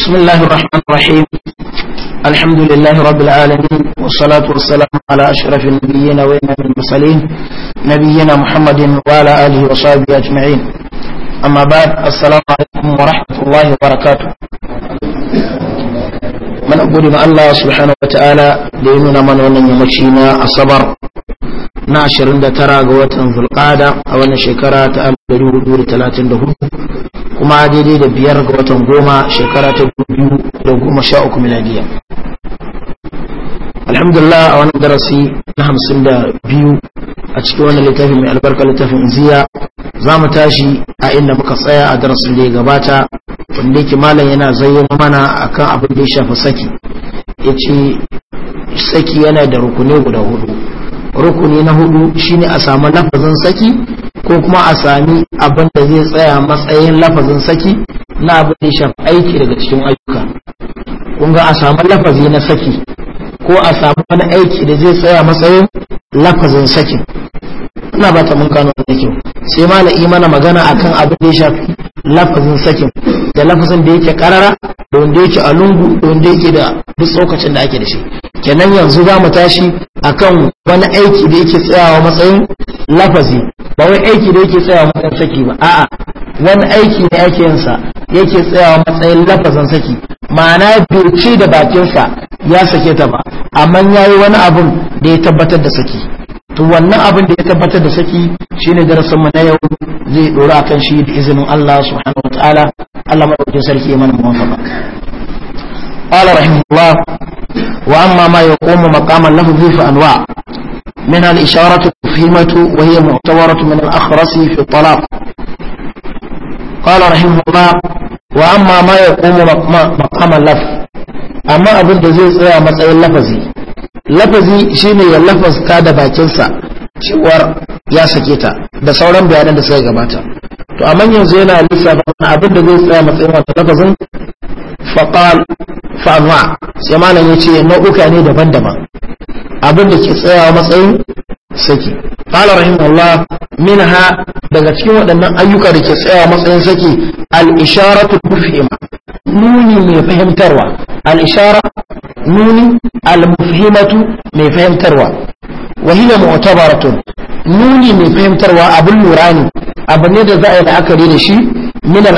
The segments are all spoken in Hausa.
بسم الله الرحمن الرحيم الحمد لله رب العالمين والصلاة والسلام على أشرف النبيين وإمام المرسلين نبينا محمد وعلى آله وصحبه أجمعين أما بعد السلام عليكم ورحمة الله وبركاته من أقول مع الله سبحانه وتعالى لأننا من ونن يمشينا الصبر ناشر عند ترى قوة ذو القادة أو أن شكرات أمدلو دور ثلاثين دهور kuma daidai da biyar ga watan goma shekara ta biyu da goma sha uku miladiya alhamdulillah a wani darasi na hamsin da biyu a cikin wani littafi mai albarka littafin ziya za mu tashi a inda muka tsaya a darasin da ya gabata wanda yake malam yana zayyana mana akan abin da ya shafi saki ya ce saki yana da rukuni guda hudu rukuni na hudu shine a samu lafazin saki ko kuma a sami abin da zai tsaya matsayin lafazin saki na abin da shafi aiki daga cikin ayyuka Kunga ga a samu lafazi na saki ko a samu wani aiki da zai tsaya matsayin lafazin saki ina ba ta mun da kyau sai ma na imana magana akan abin da ya shafi lafazin sakin da lafazin da yake karara da wanda yake a lungu da wanda yake da duk tsokacin da ake da shi kenan yanzu za mu tashi akan wani aiki da yake tsayawa matsayin lafazi ba wai aiki da yake tsayawa matsayin saki ba a'a wani aiki ne yake yin sa yake tsayawa matsayin lafazin saki ma'ana birci da bakinsa ya sake ta ba amma yayi wani abun da ya tabbatar da saki to wannan abin da ya tabbatar da saki shine darasin mu na yau zai dora kan shi da izinin Allah subhanahu wataala Allah madaukakin sarki ya mana muwafaqa قال رحمه الله وأما ما يقوم مقام اللفظ فأنواع منها الإشارة المفهمة وهي معتبرة من الأخرس في الطلاق قال رحمه الله وأما ما يقوم مقام اللف أما أبن دزيز يا مسألة اللفزي lafazi shine ya lafasta da bakinsa cewar ya sake ta da sauran bayanan da suka gabata to amma yanzu yana lissafa abin da zai tsaya matsayin wannan lafazin faqal fa'ma sai malam yace nau'uka ne daban-daban abin da ke tsayawa matsayin saki rahimallah min minha daga cikin waɗannan ayyuka da ke tsayawa matsayin saki al'ishara isharatu nuni mai fahimtarwa al'ishara nuni al-mufhimatu mai fahimtarwa wa hiya mu'tabaratun nuni mai fahimtarwa abin lura ne abu ne da za a yi la'akari da shi min al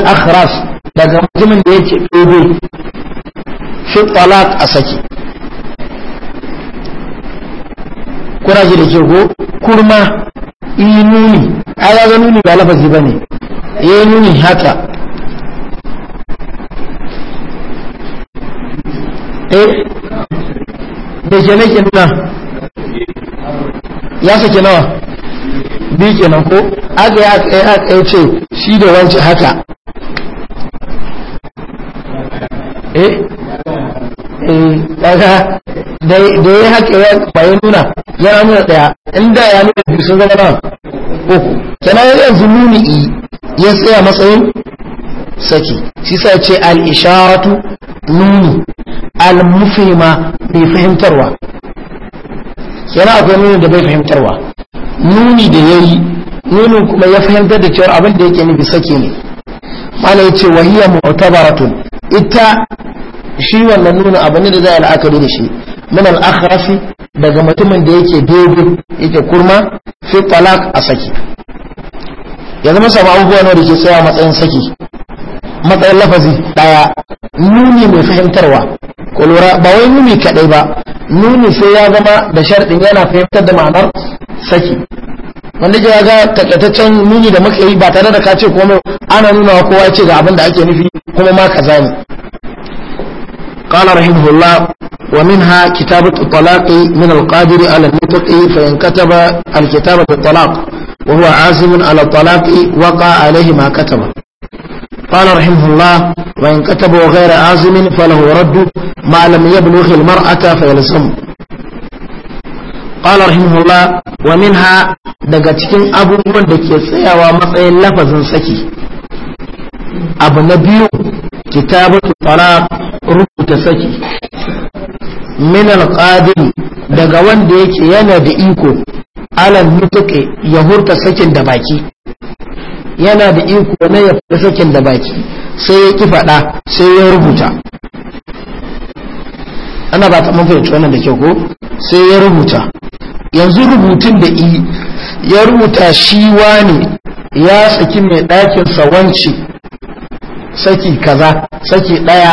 daga mutumin da yake ɗebe fi talaq a saki kuna da ke ko kurma yi e, nuni a ya ga nuni ba lafazi ba ne ya e, yi nuni haka E? da ke nake nuna ya sake nawa bi kenan ko aga ya aka ya ce shi da wancan haka eh Eh, kaga da ya haka ya bayan nuna yana nuna daya inda ya nuna biyu sun zama nan uku kenan ya yanzu nuni ya tsaya matsayin saki shi sa ce al-isharatu nuni al mufima bai fahimtarwa Kana akwai nuni da bai fahimtarwa nuni da yayi nunin kuma ya fahimtar da cewa abin da yake nufi saki ne mala yace wa hiya mu'tabaratun ita shi wannan nuna abu ne da za a la'akari da shi min al daga mutumin da yake dogo yake kurma fi talaq a saki ya zama sabu abubuwa ne da ke tsaya matsayin saki matsayin lafazi daya nuni mai fahimtarwa ko ba wai nuni kadai ba nuni sai ya zama da sharɗin yana fahimtar da ma'anar saki wanda ya ga takaitaccen nuni da muka yi ba tare da ka ce komai ana nuna kowa ce ga abin da ake nufi kuma ma kaza ne قال رحمه الله ومنها كتابة الطلاق من القادر على النطق فإن كتب الكتابة بالطلاق وهو عازم على الطلاق وقع عليه ما كتب قال رحمه الله وإن كتب غير عازم فله رد ما لم يبلغ المرأة فيلزم قال رحمه الله ومنها daga cikin abubuwan da ke tsayawa matsayin lafazin saki abu na biyu kitabatu talaq rubuta saki min alqadir daga wanda yake yana da iko alal mutuqi ya hurta sakin da baki yana da iko na ya fada sakin da baki sai ya ki fada sai ya rubuta ana ba ta mun fahimci wannan da kyau ko sai ya rubuta yanzu rubutun da ya rubuta shi wani ya saki mai ɗakin sawanci saki kaza saki daya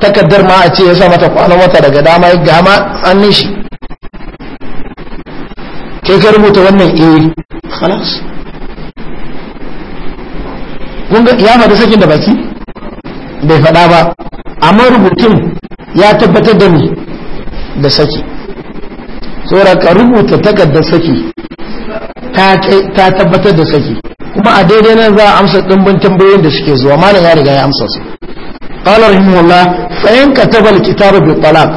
takaddar ma a ce ya sa mata kwanan wata daga dama ya gama hannun shi ke ka rubuta wannan eh khalas ya faɗi sakin da baki bai faɗa ba amma rubutun ya tabbatar da ni da saki saboda ka rubuta takardar saki ta tabbatar da saki kuma a daidai nan za a amsa ɗimbin tambayoyin da suke zuwa malam ya riga ya amsa su qala rahimahullah fa in kataba al bi talaq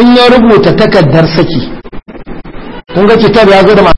in ya rubuta takaddar saki kun ga kitab ya zo da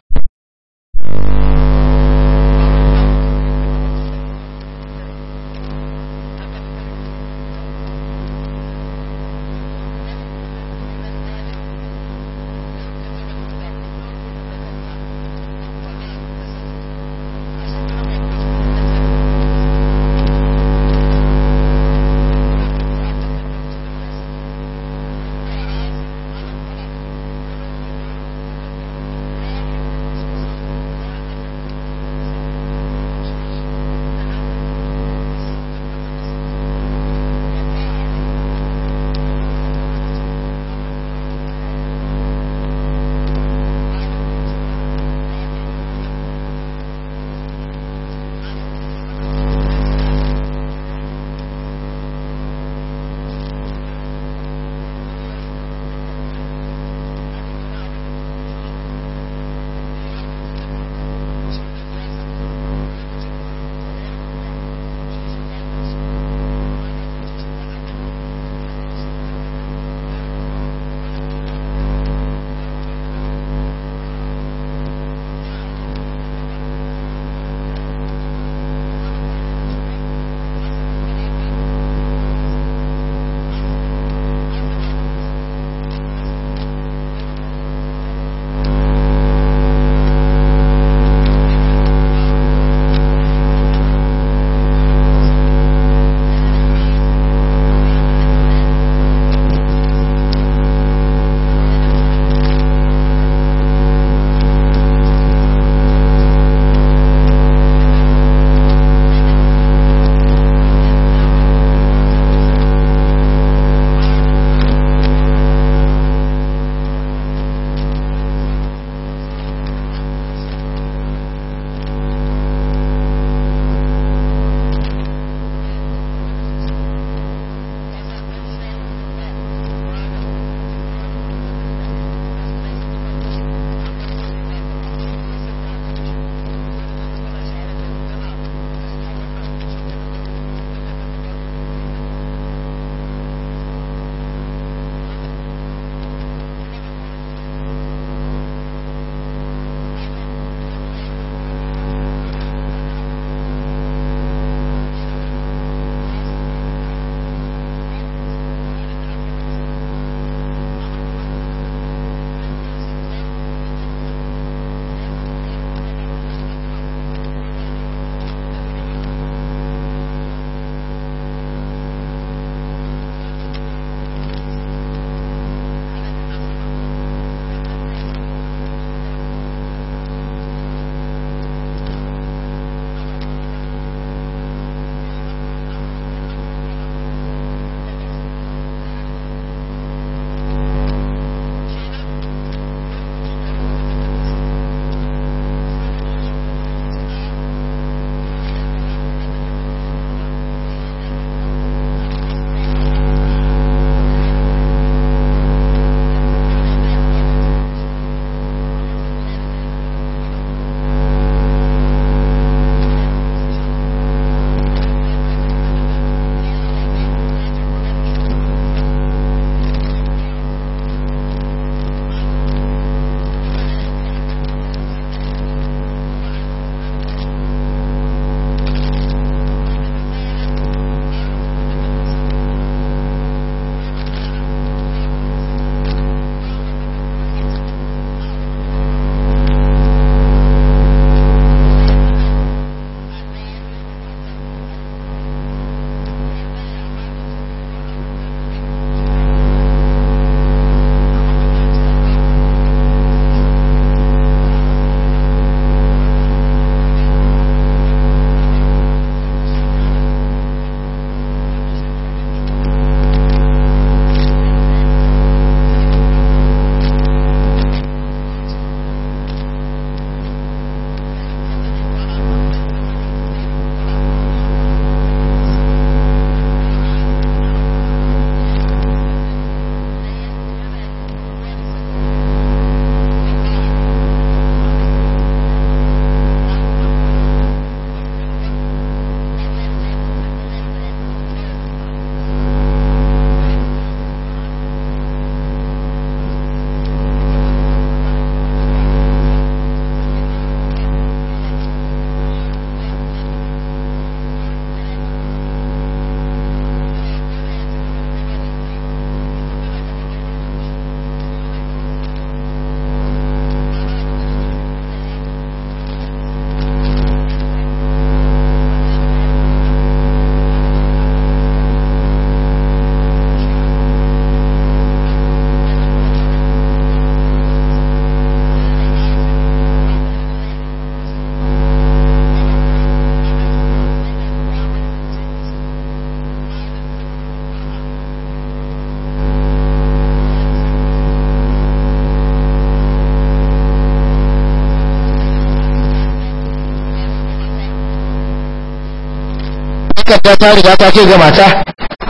takarda ta riga ta ce ga mata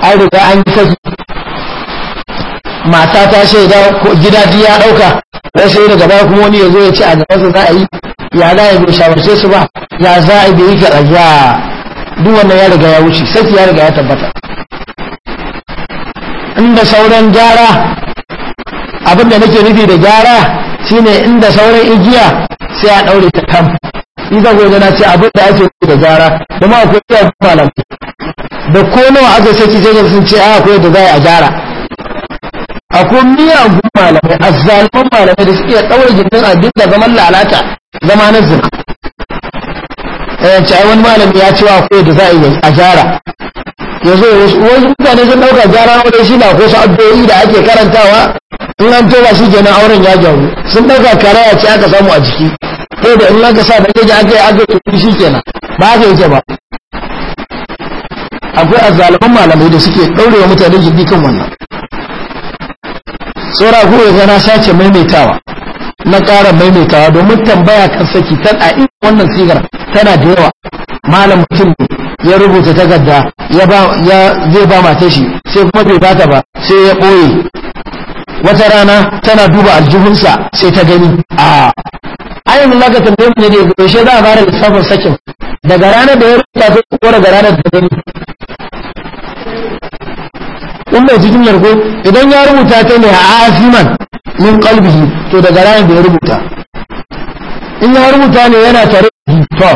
an riga an yi saki mata ta ce gida ya ɗauka sai daga baya kuma wani ya zo ya ce a gaba gabansa za a yi ya za a bai shawarce su ba ya za a yi ga ya duk wannan ya riga ya wuce sai ya riga ya tabbata inda sauran gyara abinda nake nufi da gyara shine inda sauran igiya sai a daure ta kam shi za ku na ce abin da ake da zara kuma akwai da malam da ko nawa aka saki sai sun ce ah, a akwai da za a gyara akwai miyagun malamai azzaliman malamai da suke daura gindin abin da zaman lalata zama na A eh, ce ai wani malami ya ce akwai da za a yi a gyara yanzu wasu mutane sun dauka gyara wani shi na ko su addu'o'i da ake karantawa in an toba shi kenan auren ya gyaru sun dauka karaya ce aka samu a jiki ko da in naka sa bandeji aka yi aka tafi shi kenan ba ka yi ba akwai azzaliman malamai da suke ɗaurewa mutane gindi kan wannan tsora ku ya na sace maimaitawa na ƙara maimaitawa domin tambaya kan saki tan a in wannan sigar tana da yawa malam mutum ne ya rubuta takarda ya ba ya zai ba matar shi sai kuma bai bata ba sai ya ɓoye wata rana tana duba aljihunsa sai ta gani a ai mun maka tambayar mu ne da yaushe za a fara lissafin sakin daga ranar da ya rubuta ko kuma daga ranar da gani in bai cikin yarko idan ya rubuta ta ne a asiman min kalbihi to daga ranar da ya rubuta in ya rubuta ne yana tare to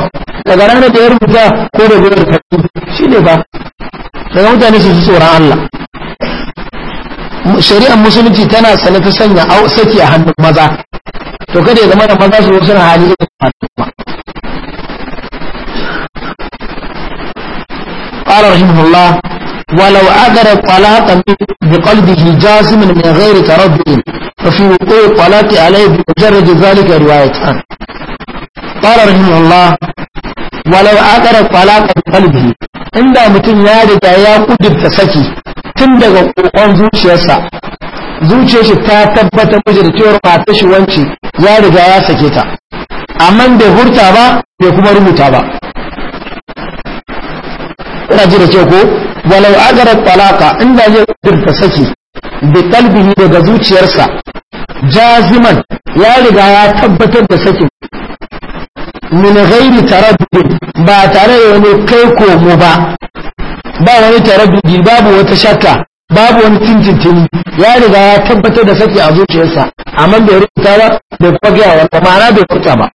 daga ranar da ya rubuta ko da gurin karatu shi ne ba daga mutane su ji tsoron Allah shari'ar musulunci tana sanata sanya sake a hannun maza to kada ya maza su suna hali da fatima qala rahimahullah walau adara talaqa bi qalbihi jasimin min ghairi taraddud fa fi wuqu'i talaqi alayhi bi mujarrad zalika riwayatan qala rahimahullah walau adara talaqa bi qalbihi inda mutum ya riga ya kudin saki tun daga kokon zuciyarsa zuciyar shi ta tabbatar miji da cewar matar shi wance ya riga ya sake ta amma bai hurta ba bai kuma rubuta ba ina ji da ke ko walau agara talaka inda zai kudurta saki bi kalbihi daga zuciyarsa jaziman ya riga ya tabbatar da sakin min ghairi taraddudi ba tare da wani kai ko mu ba ba wani taraddudi babu wata shakka babu wani cincin ya riga ya tabbatar da saki a zuciyarsa amma bai rubuta ba bai kuma wani kuma ana bai furta ba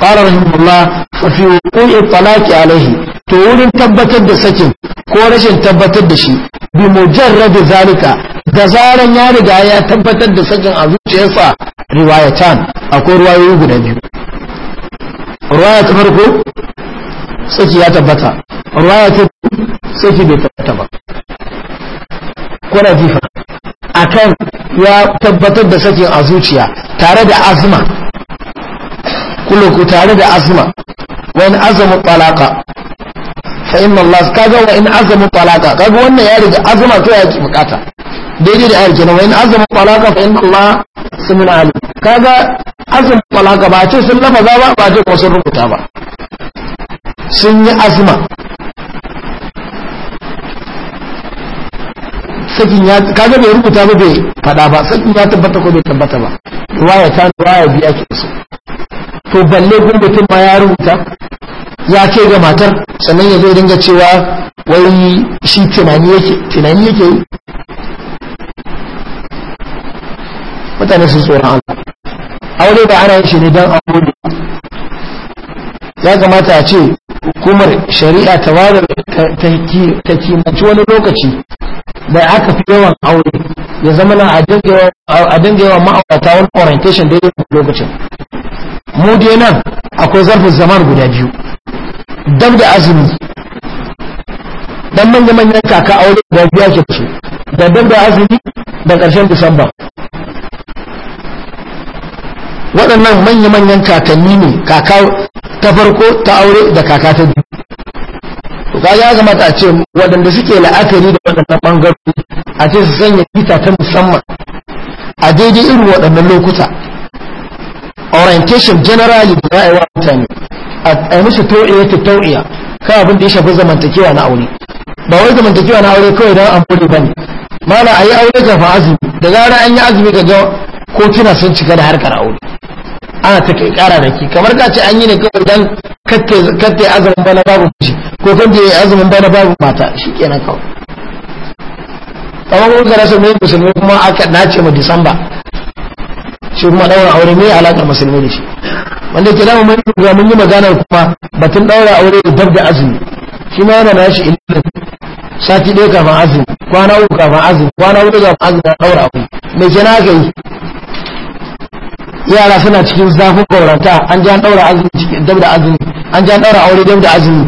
qala rahimullah fa fi wuqu'i talaqi alayhi to wurin tabbatar da sakin ko rashin tabbatar da shi bi mujarrad zalika da zaran ya riga ya tabbatar da sakin a zuciyarsa riwayatan akwai riwayoyi guda biyu riwaya ta farko saki ya tabbata riwaya ta saki bai tabbata ba kuna jifa akan ya tabbatar da sakin a zuciya tare da azma kullu tare da azma wa in balaka talaqa fa inna Allah kaga wa in balaka talaqa kaga wannan ya riga azma to ya ki bukata daidai da ayar kenan wa in azamu talaqa fa inna Allah sami'un alim kaga azamu talaqa ba ce sun za ba ba ce ko sun rubuta ba sun yi azma sakin ya kaga bai rubuta ba bai fada ba sakin ya tabbata ko bai tabbata ba riwaya ta riwaya bi ake so to balle kun mutum ma ya rubuta ya ce ga matar sannan ya zo dinga cewa wai shi tunani yake tunani yake yi mutane sun tsoron Allah aure da ana yin shi ne don aure ya kamata a ce hukumar shari'a ta ware ta kimanci wani lokaci da aka fi yawan aure ya zama na a dinga yawan ma'aurata wani orientation da daidai lokacin mu dai nan akwai zarfin zaman guda biyu dab da azumi dan manya manyan kaka aure da biya ke su da dab da azumi da ƙarshen disamba waɗannan manya-manyan kakanni ne kaka ta farko ta aure da kaka ta biyu to ka ya zama ta ce waɗanda suke la'akari da waɗannan ɓangarori a ce su sanya bita ta musamman a daidai irin waɗannan lokuta orientation generally da za a yi wa mutane a musu tau'iya ta tau'iya kan abin da ya shafi zamantakewa na aure ba wai zamantakewa na aure kawai don an bude ba ne mana a yi aure kafin azumi da gara an yi azumi ga Ko kina sun cika da harkar aure ana ta kai kara da ki kamar ka ce an yi ne kawai dan katte azumin bana babu miji ko kan je azumin bana babu mata shi kenan kawai kamar kuma rasa mai musulmi kuma aka nace ma disamba shi kuma daura aure mai alaka musulmi da shi wanda ke dama mai ga mun yi magana kuma batun daura aure da dab da azumi shi ma yana nashi ilimin sati ɗaya kafin azumi kwana uku kafin azumi kwana uku kafin azumi daura aure mai kenan aka yi yara suna cikin zafin gauranta an ji an daura azumi cikin dab da azumi an ji an daura aure dab da azumi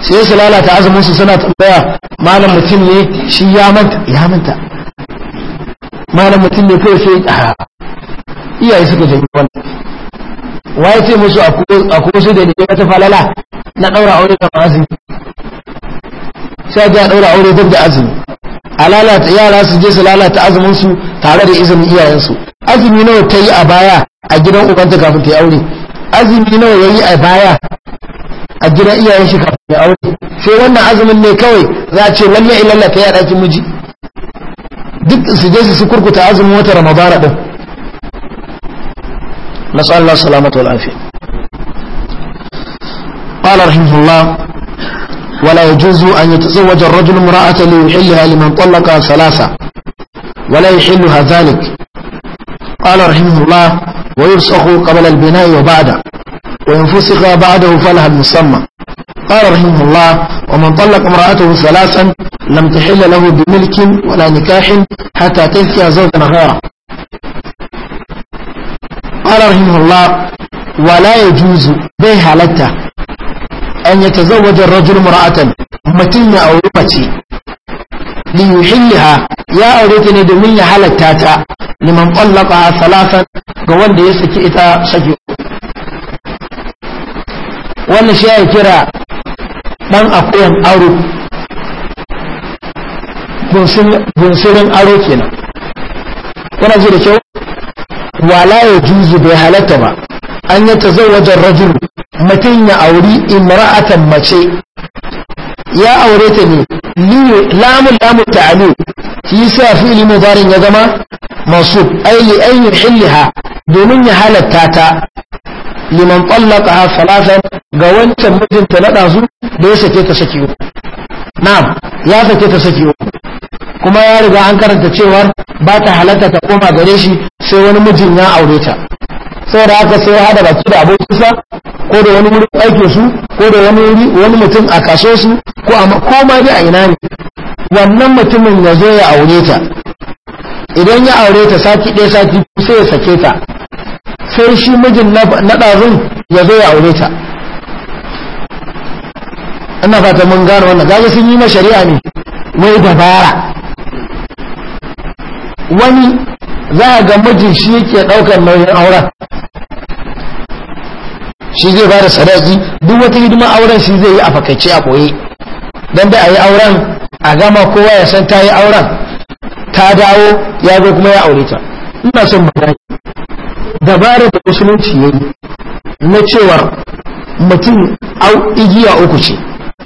sai su lalata azumin su suna tambaya malam mutum ne shi ya manta ya manta malam mutum ne kai sai a ah. iyaye suka jami wannan waye ce musu a kusa su da ne ta falala na daura aure da azumi sai ga daura aure dab da azumi a lalata yara su je su lalata azumin su tare da izinin iyayensu azumi nawa ta yi a baya a gidan ubanta kafin ta yi aure azumi nawa ya yi a baya a gidan iyayen shi kafin ya aure sai wannan azumin ne kawai za a ce lalle ilalla ta yi a ɗakin miji duk su je su kurkuta azumin wata ramadana din nasu Allah salamatu wal قال رحمه الله ولا يجوز أن يتزوج الرجل امرأة ليحلها لمن طلق ثلاثة ولا يحلها ذلك قال رحمه الله ويفسخ قبل البناء وبعده وإن فسخ بعده فلها المسمى قال رحمه الله ومن طلق امرأته ثلاثا لم تحل له بملك ولا نكاح حتى تذكى زوجا غيره قال رحمه الله ولا يجوز به لته an ya tazawwaja rajul mura'atan, mutum ya auri mace li ya aure ta ne domin ya halatta ta liman qallaqa salasan ga wanda ya saki ita saki wannan shi ya kira ɗan akuyan aro bunsurin aro kenan yana da kyau wala ya juzu bai halatta ba an yi tazawwajar rajul. mutum ya auri imra'atan mace ya aure ta ne lamun lamun ta'alu shi sa fi'il mudari ya zama masu ay li an domin ya halatta ta liman tallaqaha salatan ga wancan mijinta na dazu da ya sake ta saki na'am ya sake ta saki kuma ya riga an karanta cewa ba ta halatta ta koma gare shi sai wani mijin ya aure ta saboda aka sai ya hada baki da abokinsa ko da wani wurin aike su ko da wani wuri wani mutum a kaso su ko a dai a ina ne wannan mutumin ya zo ya aure ta idan ya aure ta sati ɗaya sati sai ya sake ta sai shi mijin na ɗazun ya zo ya aure ta ina fata mun gano wannan gaji sun yi ma shari'a ne mai dabara wani za a ga mijin shi yake ɗaukar nauyin auren shi zai bada sadaki duk wata hidima auren shi zai yi a fakaice a ɓoye don da a yi auren a gama kowa ya san ta yi auren ta dawo ya zo kuma ya aure ta ina son bayani dabara da musulunci ya yi na cewar mutum au igiya uku ce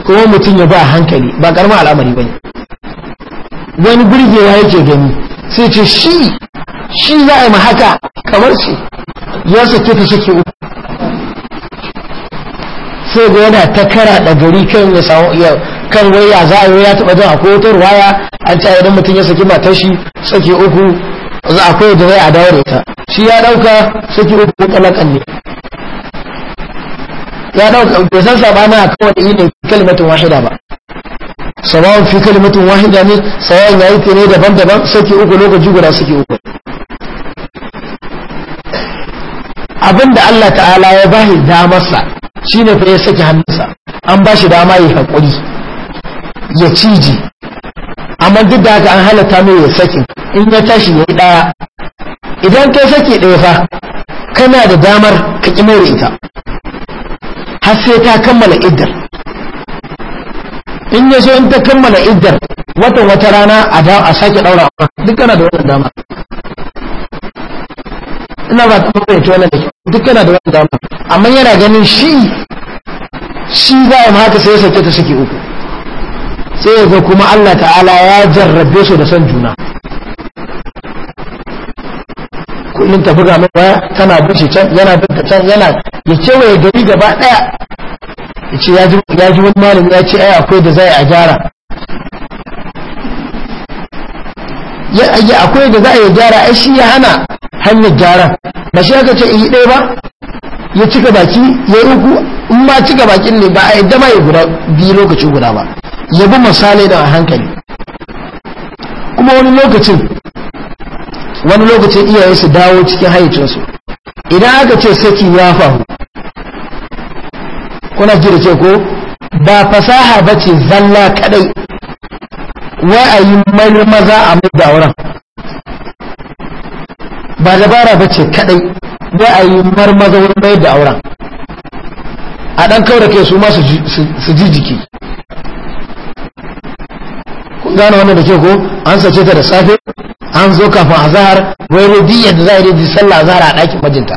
kuma mutum ya ba hankali ba karamin al'amari ba ne wani burgewa yake gani sai ce shi shi za a yi haka kamar su ya sake ta shake uku sai ga yana ta kara da gari kan ya samu kan waya za a yi ya taba jin akwai wutar waya an ta idan mutum ya saki matar shi sake uku za a koyar da zai a dawar da ita shi ya dauka sake uku ko kalakan ne ya dauka bai san sabana a kawai yi ne kalmatin wahida ba sawa'un fi kalmatin wahida ne ya yayi ne daban-daban sake uku lokaci guda sake uku abin da Allah ta'ala ya ba shi damarsa shi ne fa ya saki hannunsa an ba shi dama ya haƙuri ya ciji amma duk da haka an halatta mai ya saki in ya tashi ya yi ɗaya idan ka saki ɗaya fa kana da damar ka ƙi mai ita har sai ta kammala iddar in ya so in ta kammala iddar watan wata rana a sake ɗaura duk kana da wannan dama ina ba ta fahimci wannan da duk yana da wannan damar amma yana ganin shi shi za a haka sai ya sauke ta suke uku sai ga kuma Allah ta'ala ya jarrabe su da son juna kullum ta buga mai baya tana bushe can yana bata can yana ya gari gaba daya ya ce ya ji wani malami ya ce ai akwai da zai a gyara ya akwai da za a yi gyara ai shi ya hana hanyar gyara ba shi aka ce yi ɗaya ba ya cika baki ya yi uku in ma cika bakin ne ba a yadda ma ya guda biyu lokaci guda ba ya bi misali da hankali kuma wani lokacin wani lokacin iyaye su dawo cikin hayyacinsu idan aka ce saki ya faru kuna ji ko ba fasaha ba ce zalla kadai wa'ayi mai maza a mai da auren ba dabara ba ce kadai wa'ayi marmaza wurin mai da auren a ɗan kawar ke su masu su ji jiki kun gano wannan da ke ko an sace ta da safe an zo kafin azahar wai rediya da za a yi sallah azahar a ɗakin majinta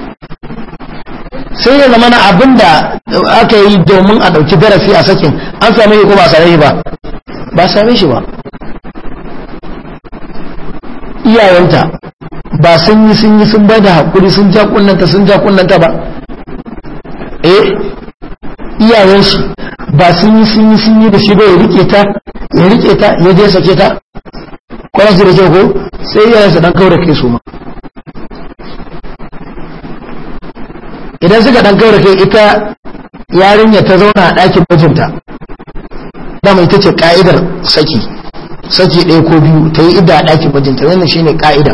sai da zama na abin da aka yi domin a ɗauki darasi a sakin an same shi ko ba same shi ba ba same shi ba iyayenta ba sun yi sun yi sun ba da haƙuri sun ja kunnanta sun ja kunnanta ba eh iyayensu ba sun yi sun yi sun yi da shi ba ya rike ta ya rike ta ya je sake ta kwanan su da ke ko sai iyayensa dan da kai su ma idan suka dan da kai ita yarinya ta zauna a ɗakin mijinta dama ita ce ka'idar saki saki ɗaya ko biyu ta yi idda a ɗakin majinta wannan ne ka'ida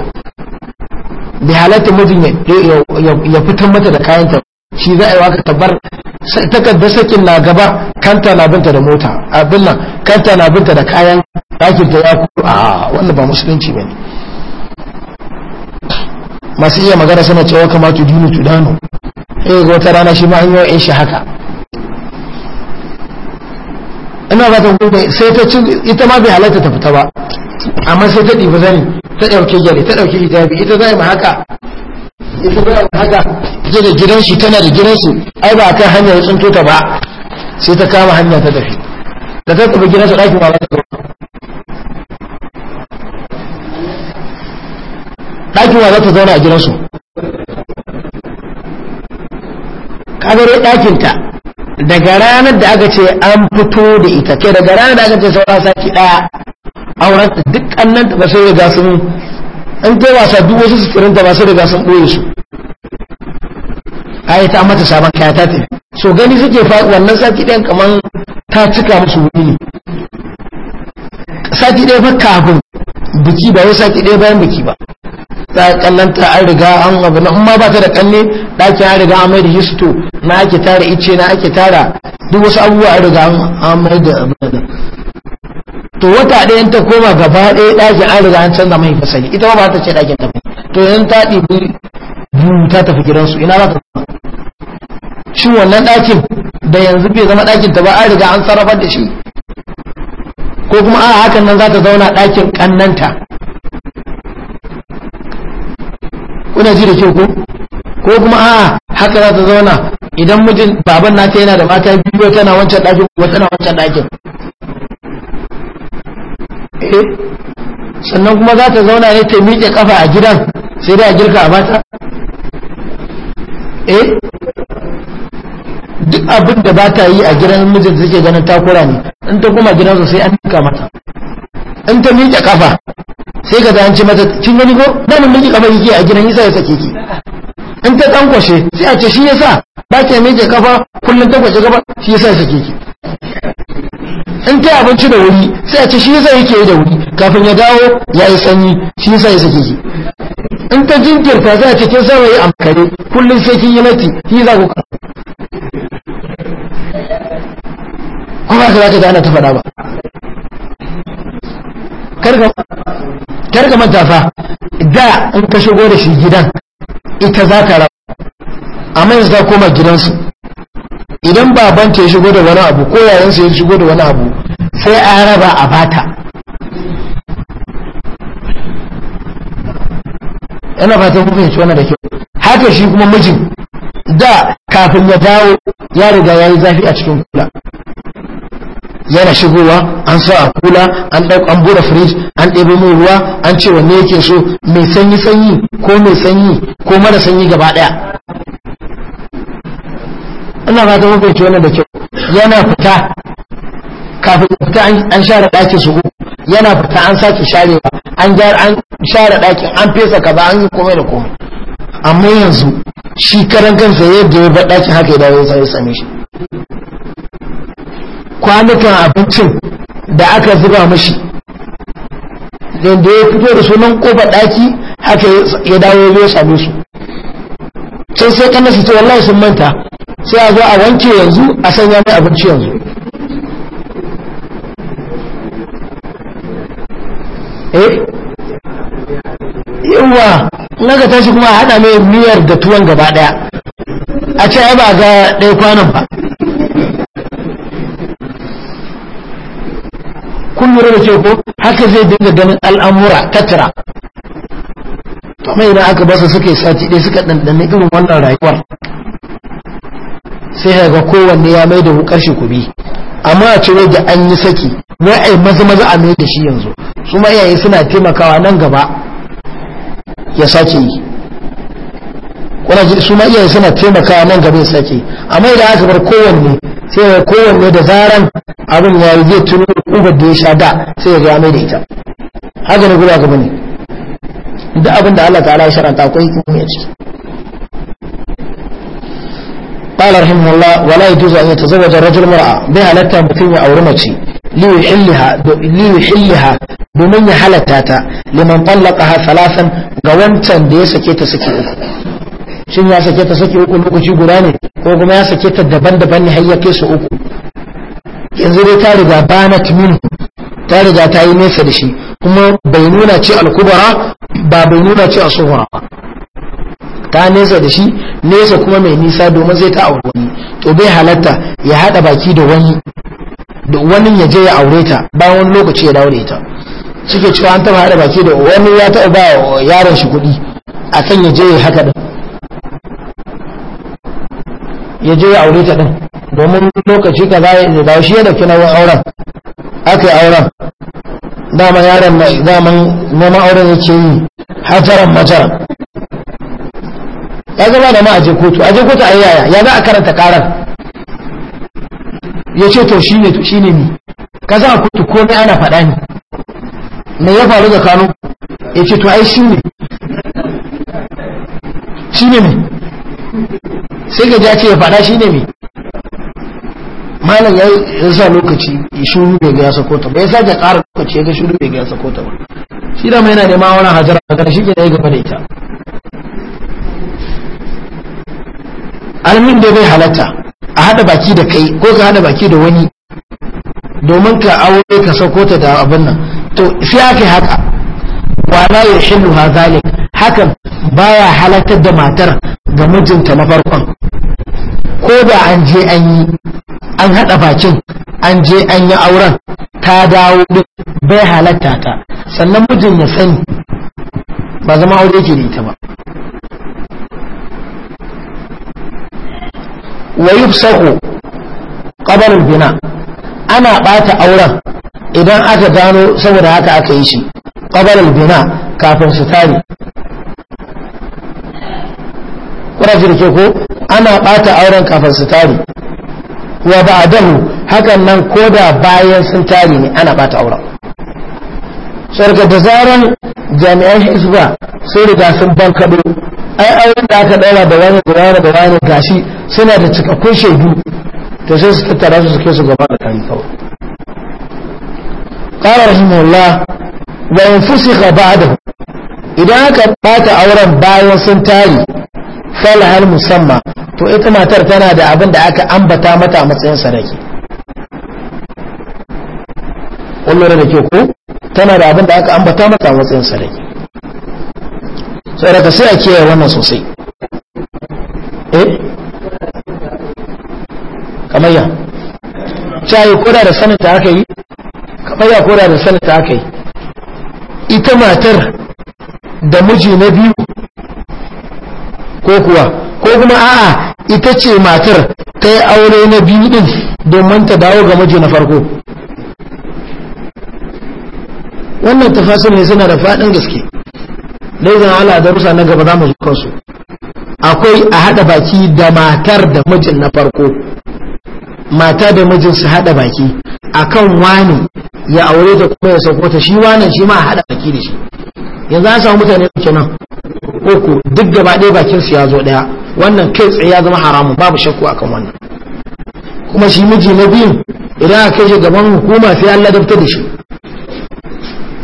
bai halatta mijin ya fitar mata da kayanta shi za a yi waka tabbar takardar sakin na gaba kanta na binta da mota abin nan kanta na binta da kayan ɗakin ta ya kuru a wannan ba musulunci ba ne masu iya magana suna cewa kamata dinu tudano eh ga wata rana shi ma an yi wa shi haka ina ba ta kuma sai ta ci ita ma bai halatta ta fita ba amma sai ta ɗiba zani ta ɗauke gari ta ɗauke hijabi ita za ma haka ita za ma haka ita da gidan shi tana da gidan su ai ba kai hanyar tsinto ta ba sai ta kama hanya ta tafi da ta tafi gidan su ɗakin ba ta ɗakin wa za ta zauna a gidansu kaga dai ɗakinta daga ranar da aka ce an fito da ita ke daga ranar da aka ce saura saki daya ta duk annan ta ba sai riga sun an ke wasa duk wasu sufurin ta ba sai riga sun boye su ayi ta mata sabon kaya ta tafi so gani suke fa wannan saki ɗayan kamar ta cika musu wuri ne saki ɗaya fa kafin biki ba wai saki ɗaya bayan biki ba ta kallanta an riga an abu na amma ba ta da kalle ɗakin an riga an mai da histo na ake tara ice na ake tara duk wasu abubuwa an riga an mai da abu to wata ɗayan ta koma gaba ɗaya ɗakin an riga an canza mai fasali ita ba ta ce ɗakin ta to yanzu ta ɗibi biyu ta tafi gidansu ina za ta koma shi wannan ɗakin da yanzu bai zama ɗakin ta ba an riga an sarrafa da shi ko kuma a hakan nan za ta zauna ɗakin ƙannanta kuna ji da kyau ko ko kuma a haka za ta zauna idan mijin baban nata yana da mata biyu tana wancan ɗakin ko tana wancan ɗakin eh sannan kuma za ta zauna ne ta miƙe kafa a gidan sai dai a girka a bata eh duk abin da ba ta yi a gidan mijin take ganin takura ne in ta kuma gidansa sai an duka mata in ta miƙe kafa sai ka an ci mata kin gani ko da mulki miki kamar yake a gidan yasa ya sake ki in ta dan kwashe sai a ce shi yasa ba ki mike kafa kullun ta kwashe gaba shi yasa ya sake ki in ta abinci da wuri sai a ce shi yasa yake yi da wuri kafin ya dawo ya yi sanyi shi yasa ya sake ki in ta jinkirta sai a ce kin samu yi amkare kullun sai kin yi lati shi za ku kuma ka za ta dana ta faɗa ba karga matafa da in ka shigo da shi gidan ita za ta rabu amma yanzu ta koma gidansu idan baban ta ya shigo da wani abu ko yayansa ya shigo da wani abu sai a raba a bata yana fatan ku fahimci wannan da kyau haka shi kuma mijin da kafin ya dawo ya riga ya yi zafi a cikin kula yana shigowa an sa a kula an ɗauk an bude firij an ɗebe mai ruwa an ce wanne yake so mai sanyi sanyi ko mai sanyi ko mara sanyi gaba ɗaya ina ba ta hukunci wannan da kyau yana fita kafin fita an share ɗakin su yana fita an sake sharewa an gyara an share ɗakin an fesa ka ba an yi komai da komai amma yanzu shi karan kansa yadda ya bar ɗakin haka ya dawo ya same shi kwanukan abincin da aka zuba mashi don da ya fito da sunan kofar ɗaki haka ya dawo ya same su can sai kan su ce wallahi sun manta sai a zo a wanke yanzu a sanya mai abinci yanzu eh yawa naga tashi kuma a haɗa mai miyar da tuwon gaba ɗaya a ce ai ba ga ɗaya kwanan ba kun lura da ce ko haka zai dinga ganin al'amura tattara mai idan aka basa suke sati ɗaya suka ɗanɗanne irin wannan rayuwar sai ga kowanne ya mai da wukar shi kubi amma a cire da an yi saki wai ai maza maza a mai da shi yanzu su ma iyaye suna taimakawa nan gaba ya sake yi kuna su ma iyaye suna taimakawa nan gaba ya sake amma idan aka bar kowanne sai ya kowanne da zaran abin ya yi zai tuno ubar da ya sha da sai ya ga mai da ita haka ne guda gaba ne duk abin da Allah ta'ala ya sharanta akwai hikimi a ciki قال رحمه الله ولا يجوز أن يتزوج الرجل ya بها لتا مكين أورمتي ليحلها ليحلها بمن حلتاتا لمن طلقها ثلاثا قوانتا ديسكيتا سكيتا shin ya sake ta sake uku lokaci guda ne ko kuma ya sake ta daban-daban ne har ya kai su uku yanzu dai ta riga bana tumin ta riga ta yi nesa da shi kuma bai nuna ce alkubara ba bai nuna ce asuhura ba ta nesa da shi nesa kuma mai nisa domin zai ta aure wani to bai halatta ya hada baki da wani da wani ya je ya aure ta bayan wani lokaci ya dawo ta ita suke cewa an taba hada baki da wani ya taba ba yaron shi kuɗi akan ya je ya haka da ya je ya aure ta din domin lokaci kaza ya dawo shi ya dauki nauyin auren aka yi auren dama yaron mai daman neman auren yake yi hajaran majaran ya zama da ma aje kotu aje kotu a yaya ya za a karanta karar ya ce to shi ne to shi ne ni ka za a kotu komai ana faɗa ne me ya faru da kano ya ce to ai shi ne shi ne sai ka ja ce ya faɗa shi ne mai malam ya sa lokaci ya shuru bai ga ya ba ya ga ƙara lokaci ya ga shuru bai ga ya ba shi da mai yana da wani hajara a kan shi ke da ya gaba da ita almin da bai halatta a haɗa baki da kai ko ka haɗa baki da wani domin ka aure ka sakota da abin nan to sai aka yi haka wala ya shillu ha hakan baya halatar da matar ga mijinta na farkon ko da an je an yi an haɗa bakin an je an yi auren ta dawo bai halatta ta sannan mijin ya sani ba zama aure yake da ita ba wa yufsahu qabala bina ana ɓata auren idan aka gano saboda haka aka yi shi qabala bina kafin su tare kuna da ke ko ana bata auren kafin su tare wa ba a dahu hakan nan ko da bayan sun tare ne ana bata auren sarka da zaran jami'an hizba sun riga sun bankado ai auren da aka daura da wani da wani da wani gashi suna da cikakkun shaidu ta sai su tattara su suke su gaba da kai kawai qala rahimahullah wa in fusikha ba'dahu idan aka bata auren bayan sun tare fal hal musamman. to ita matar tana da abin da aka ambata mata a matsayin sadaki kullum da ke ko tana da abin da aka ambata mata a matsayin sadaki sai daga sai a kiyaye wannan sosai eh kamar ya cayi koda da sanin ta aka yi kamar ya koda da sanin ta aka yi ita matar da miji na biyu ko kuwa ko kuma a'a ita ce matar ta yi aure na biyu din domin ta dawo ga miji na farko wannan tafasil ne suna da faɗin gaske dai zan ala da rusa na gaba za mu zuka su akwai a haɗa baki da matar da mijin na farko mata da mijin su haɗa baki akan wani ya aure ta kuma ya sauko ta shi wani shi ma a haɗa baki da shi yanzu an samu mutane kenan uku duk gaba ɗaya bakin su ya zo ɗaya wannan kai tsaye ya zama haramun babu shakku akan wannan kuma shi miji na biyu idan aka kai shi gaban hukuma sai Allah dabta da shi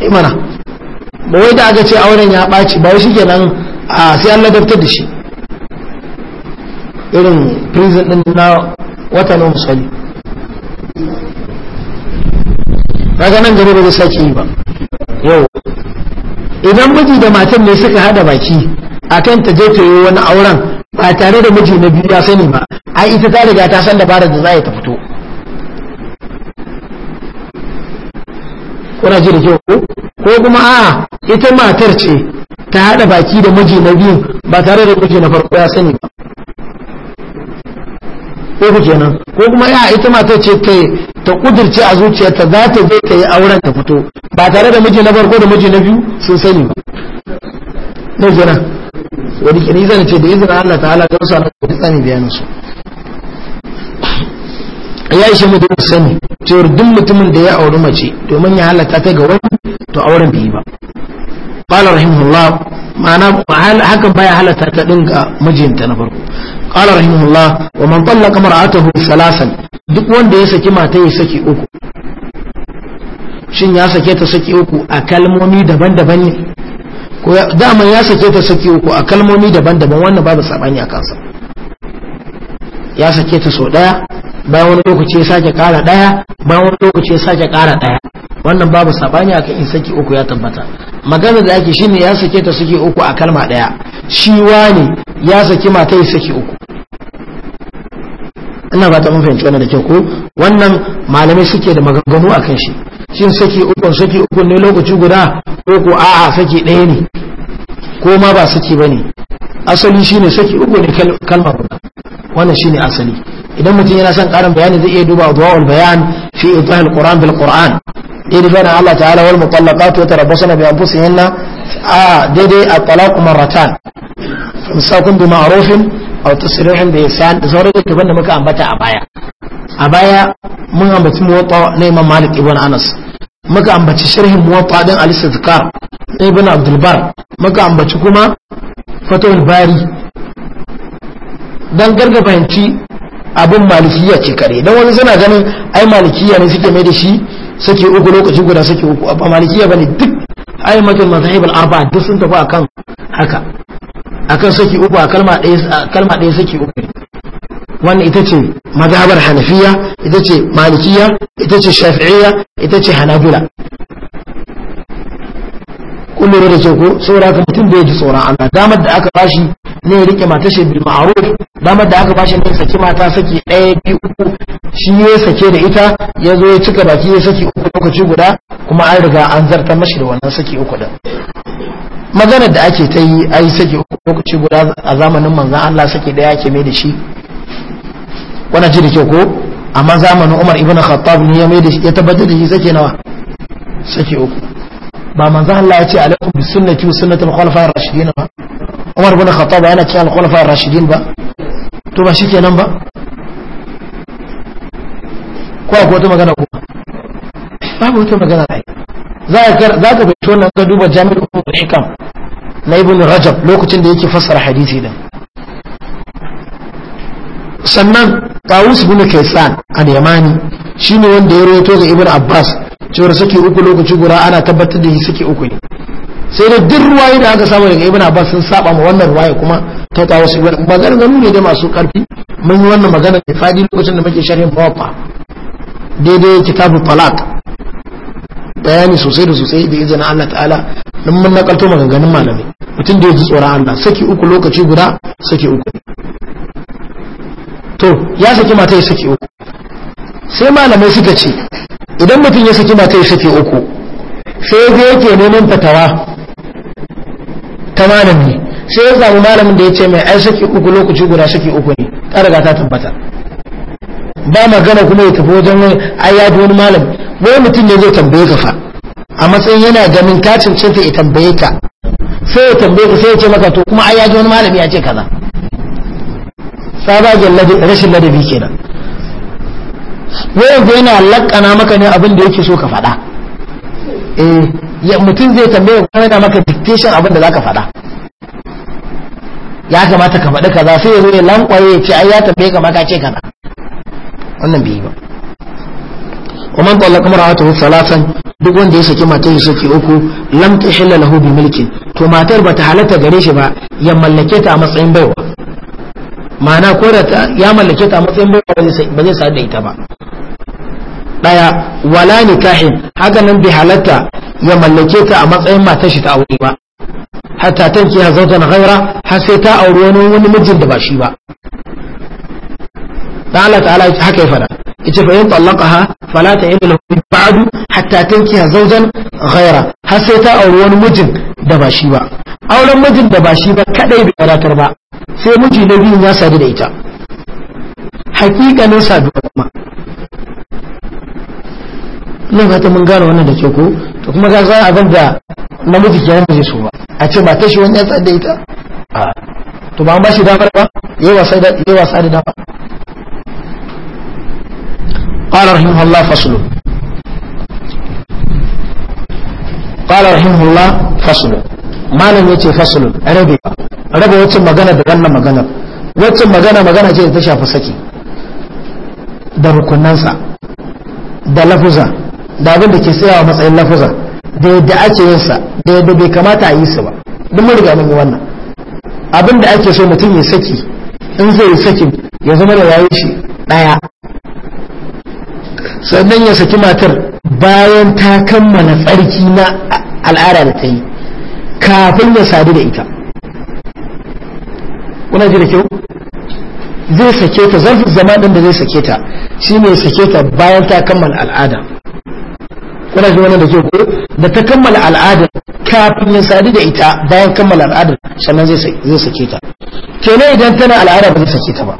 imana eh, ba wai da aka ce auren ya ɓaci ba wai shikenan a sai Allah dabta da shi irin prison din na wata na musali daga nan gaba ba zai sake yi ba yau idan miji da matan ne suka hada baki akan ta je ta yi wani auren ba tare da miji na biyu ya sani ba ai ita ta riga ta san dabarar da za ta fito kuna ji da kyau ko ko kuma a ita matar ce ta hada baki da miji na biyu ba tare da miji na farko ya sani ba ko kenan ko kuma ya ita matar ce ta ta kudirce a zuciyarta za ta je ta yi auren ta fito ba tare da miji na farko da miji na biyu sun sani ba ne kenan wani kini zan ce da izinin Allah ta'ala don su ana kudi tsani bayanin su ya ishe mutum sani cewar duk mutumin da ya auri mace domin ya halatta ta ga wani to auren bai yi ba qala rahimahullah ma'ana hakan baya halatta ta dinga mijinta na farko qala rahimahullah wa man tallaqa mar'atahu salasan duk wanda ya saki mata ya saki uku shin ya sake ta saki uku a kalmomi daban-daban ne ko dama ya sake ta sake uku a kalmomi daban-daban wannan babu sabani a kansa ya sake ta so daya bayan wani lokaci ya sake kara daya bayan wani lokaci ya sake kara daya wannan babu sabani akan in saki uku ya tabbata magana da ake shine ya sake ta saki uku a kalma daya shi wani ya saki mata ya saki uku ina ba ta mun fahimci wannan da kyau ko wannan malamai suke da maganganu akan shi shin saki ukun saki ukun ne lokaci guda ko ko a'a saki ɗaya ne ko ma ba saki ba ne asali shine saki uku ne kalma guda wannan shine asali idan mutum yana son karin bayani zai iya duba duwawar bayan fi idhah alquran bil iri irfana Allah ta'ala wal mutallaqat wa tarabbasna bi anfusihinna a daidai at-talaq marratan imsakun bi ma'rufin aw tasrihun bi ihsan sauran da muka ambata a baya a baya mun ambaci muwatta na imam malik ibn anas muka ambaci sharhin muwatta din al-istizkar na ibn abdul bar muka ambaci kuma fatawul bari dan garga fahimci abin malikiya ce kare dan wani suna ganin ai malikiya ne suke mai da shi suke uku lokaci guda suke uku amma malikiya bane duk ai makin mazhab al-arba duk sun tafi akan haka akan suke uku a kalma ɗaya kalma ɗaya suke uku wannan ita ce mazhabar hanafiya ita ce malikiya ita ce shafi'iyya ita ce hanabila kullum da ke ko ka mutum bai ji tsoron Allah damar da aka bashi ne rike mata shi bil ma'ruf damar da aka bashi ne saki mata saki ɗaya biyu uku shi ya sake da ita ya zo ya cika baki ya saki uku lokaci guda kuma an riga an zarta mashi da wannan saki uku da maganar da ake ta yi ai saki uku lokaci guda a zamanin manzon Allah saki daya ke mai da shi wannan ji da kyau ko amma zamanin umar ibn khattab ne ya mai da ya tabbatar da shi sake nawa sake uku ba manzo Allah ya ce alaikum bi sunnati wa sunnati al-khulafa ar-rashidin ba umar ibn khattab yana ce al-khulafa ar-rashidin ba to ba nan ba ko ko wata magana ko babu wata magana ai za ka za ka bai tonan ka duba jami'ul hikam na ibn rajab lokacin da yake fassara hadisi din sannan kawus bin kaisan a yamani shine wanda ya rawaito ga ibn abbas cewa saki uku lokaci guda ana tabbatar da shi saki uku ne sai da duk ruwaye da aka samu daga ibn abbas sun saba ma wannan ruwaye kuma ta kawus bin magana ga nune da masu karfi mun yi wannan magana da fadi lokacin da muke sharhin fawafa daidai kitabul talaq bayani sosai da sosai da izinin Allah ta'ala nan mun nakalto maganganun malamai mutum da ya ji tsoron Allah saki uku lokaci guda saki uku to ya saki mata ya saki uku sai malamai suka ce idan mutum ya saki mata ya saki uku sai ya yake neman fatawa ta ne sai ya samu malamin da ya ce mai ai saki uku lokaci guda saki uku ne ta riga ta tabbata ba magana kuma ya tafi wajen wani bi wani malam wani mutum ne zai tambaye ka fa a matsayin yana ganin ta cancanta ya tambaye ka sai ya tambaye ka sai ya ce maka to kuma ai ji wani malami ya ce kaza tsabagen rashin ladabi kenan yanzu yana lakana maka ne abin da yake so ka faɗa eh mutum zai tambaye ka yana maka dictation abin da zaka faɗa ya kamata ka faɗi kaza sai ya zo ya lankwaye ya ce ai ya tambaye ka maka ce kaza wannan bai yi ba ومن طلق امراته ثلاثا duk wanda ya saki matar saki uku lam tahilla lahu bi mulkin to matar bata halatta gare shi ba ya mallake ta a matsayin baiwa ma'ana ko da ya mallake ta matsayin bai ba zai sa da ita ba daya wala nikahin haka nan bi halatta ya mallake ta a matsayin matar shi ta aure ba hatta tanki zauta na ghaira har sai ta aure wani wani mijin da ba shi ba dan Allah ta'ala haka ya fada yace fa in talaqaha fala ta'id lahu ba'du hatta tanki ha zautan ghaira har sai ta aure wani mijin da ba shi ba auren mijin da ba shi ba kadai bai wadatar ba sai miji na biyun ya sadu da ita hakikanin saduwa kuma nan fata mun gane wannan da ke ko to kuma ga zai abin da namiji ke yanzu su ba a ce ba ta shi wani ya da ita a to ba an ba shi damar ba yayi wasa da yayi wasa da dama qala rahimahullah fasl qala rahimahullah fasl malam yace fasl rabi raba wacce magana da wannan maganar wacce magana magana ce ta shafi saki da rukunansa da lafuza da abin da ke tsayawa matsayin lafuza da yadda ake yin sa da yadda bai kamata a yi sa ba duk mun riga mun yi wannan abin da ake so mutum ya saki in zai saki ya zama da yayi shi daya sannan ya saki matar bayan ta kammala tsarki na al'ada da ta yi kafin ya sadu da ita kuna ji da kyau zai sake ta zarfin zama ɗin da zai sake ta shi ne sake ta bayan ta kammala al'ada kuna ji wannan da kyau ko da ta kammala al'ada kafin ya sadu da ita bayan kammala al'ada sannan zai sake ta kenan idan tana al'ada ba zai sake ta ba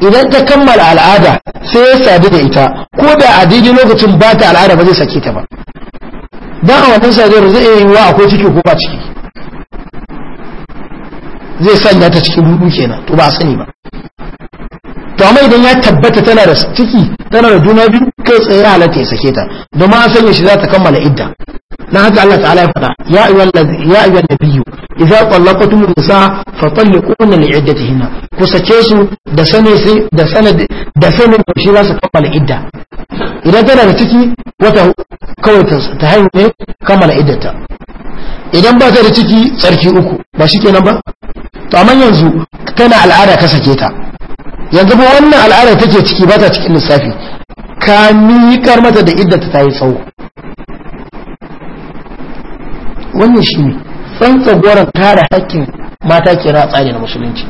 idan ta kammala al'ada sai ya sadu da ita ko da a daidai lokacin ba ta al'ada ba zai sake ta ba Dan a wannan saduwar zai iya wa akwai ciki ko ba ciki zai sanya ta cikin dudu kenan to ba a sani ba to amma idan ya tabbata tana da ciki tana da juna biyu kai tsaye halatta ya sake ta domin an sanya shi za ta kammala idda na haka Allah ta'ala ya faɗa ya ayyuhal ya ayyuhan nabiyyu idza tallaqtum nisa fa li ku sake su da sane sai da sane da ko shi za su kammala idda idan tana da ciki wata kawai ta haihu ne kammala iddata idan ba ta da ciki tsarki uku ba shikenan ba to amma yanzu kana al'ada ka sake ta yanzu ba wannan al'ada take ciki ba ta cikin lissafi ka miƙar mata da iddata ta yi tsawo wannan shi ne tsantsagoran kare haƙƙin mata kira tsari na musulunci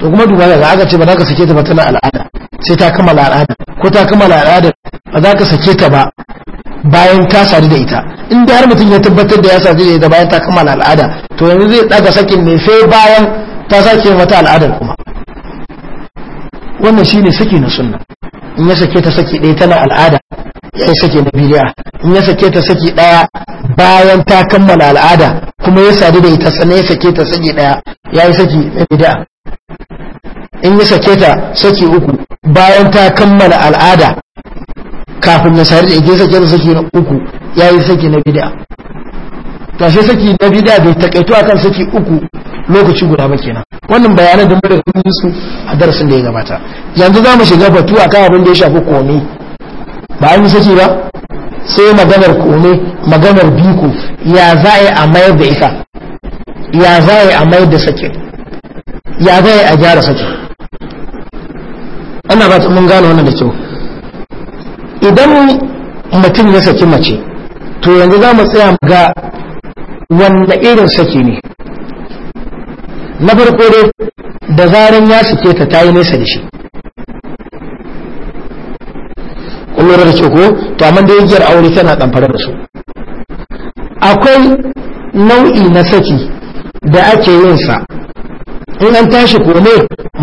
to kuma duba da aka ce ba za ka sake ta ba tana al'ada sai ta kammala al'ada ko ta kammala al'ada ba za ka sake ta ba bayan ka sadu da ita in da har mutum ya tabbatar da ya sadu da ita bayan ta kammala al'ada to yanzu zai daga sakin ne sai bayan ta sake wata al'adar kuma wannan shine saki na sunna in ya sake ta saki ɗaya tana al'ada ya yi sake na biliya in ya sake ta saki ɗaya bayan ta kammala al'ada kuma ya sadu da ita sannan ya sake ta saki ɗaya ya yi saki na biliya in ya sake ta saki uku bayan ta kammala al'ada kafin na shahada idan sake da saki na uku ya yi saki na bid'a sai saki na bid'a bai takaito akan saki uku lokaci guda ba kenan wannan bayanan da muka yi su a darasin da ya gabata yanzu za mu shiga batu a kan abin da ya shafi kome ba an yi saki ba sai maganar kone maganar biko ya za a yi a mayar da ita ya za a yi a mayar da saki ya za a yi a gyara saki. ana ba mun gane wannan da kyau idan mutum ya saki mace to yanzu za mu tsaya ga wanda irin saki ne na farko dai da zaran ya sake ta tayi nesa da shi kullum da ce ko to amma da yajiyar aure tana tsamfara da su akwai nau'i na saki da ake yin sa in an tashi kome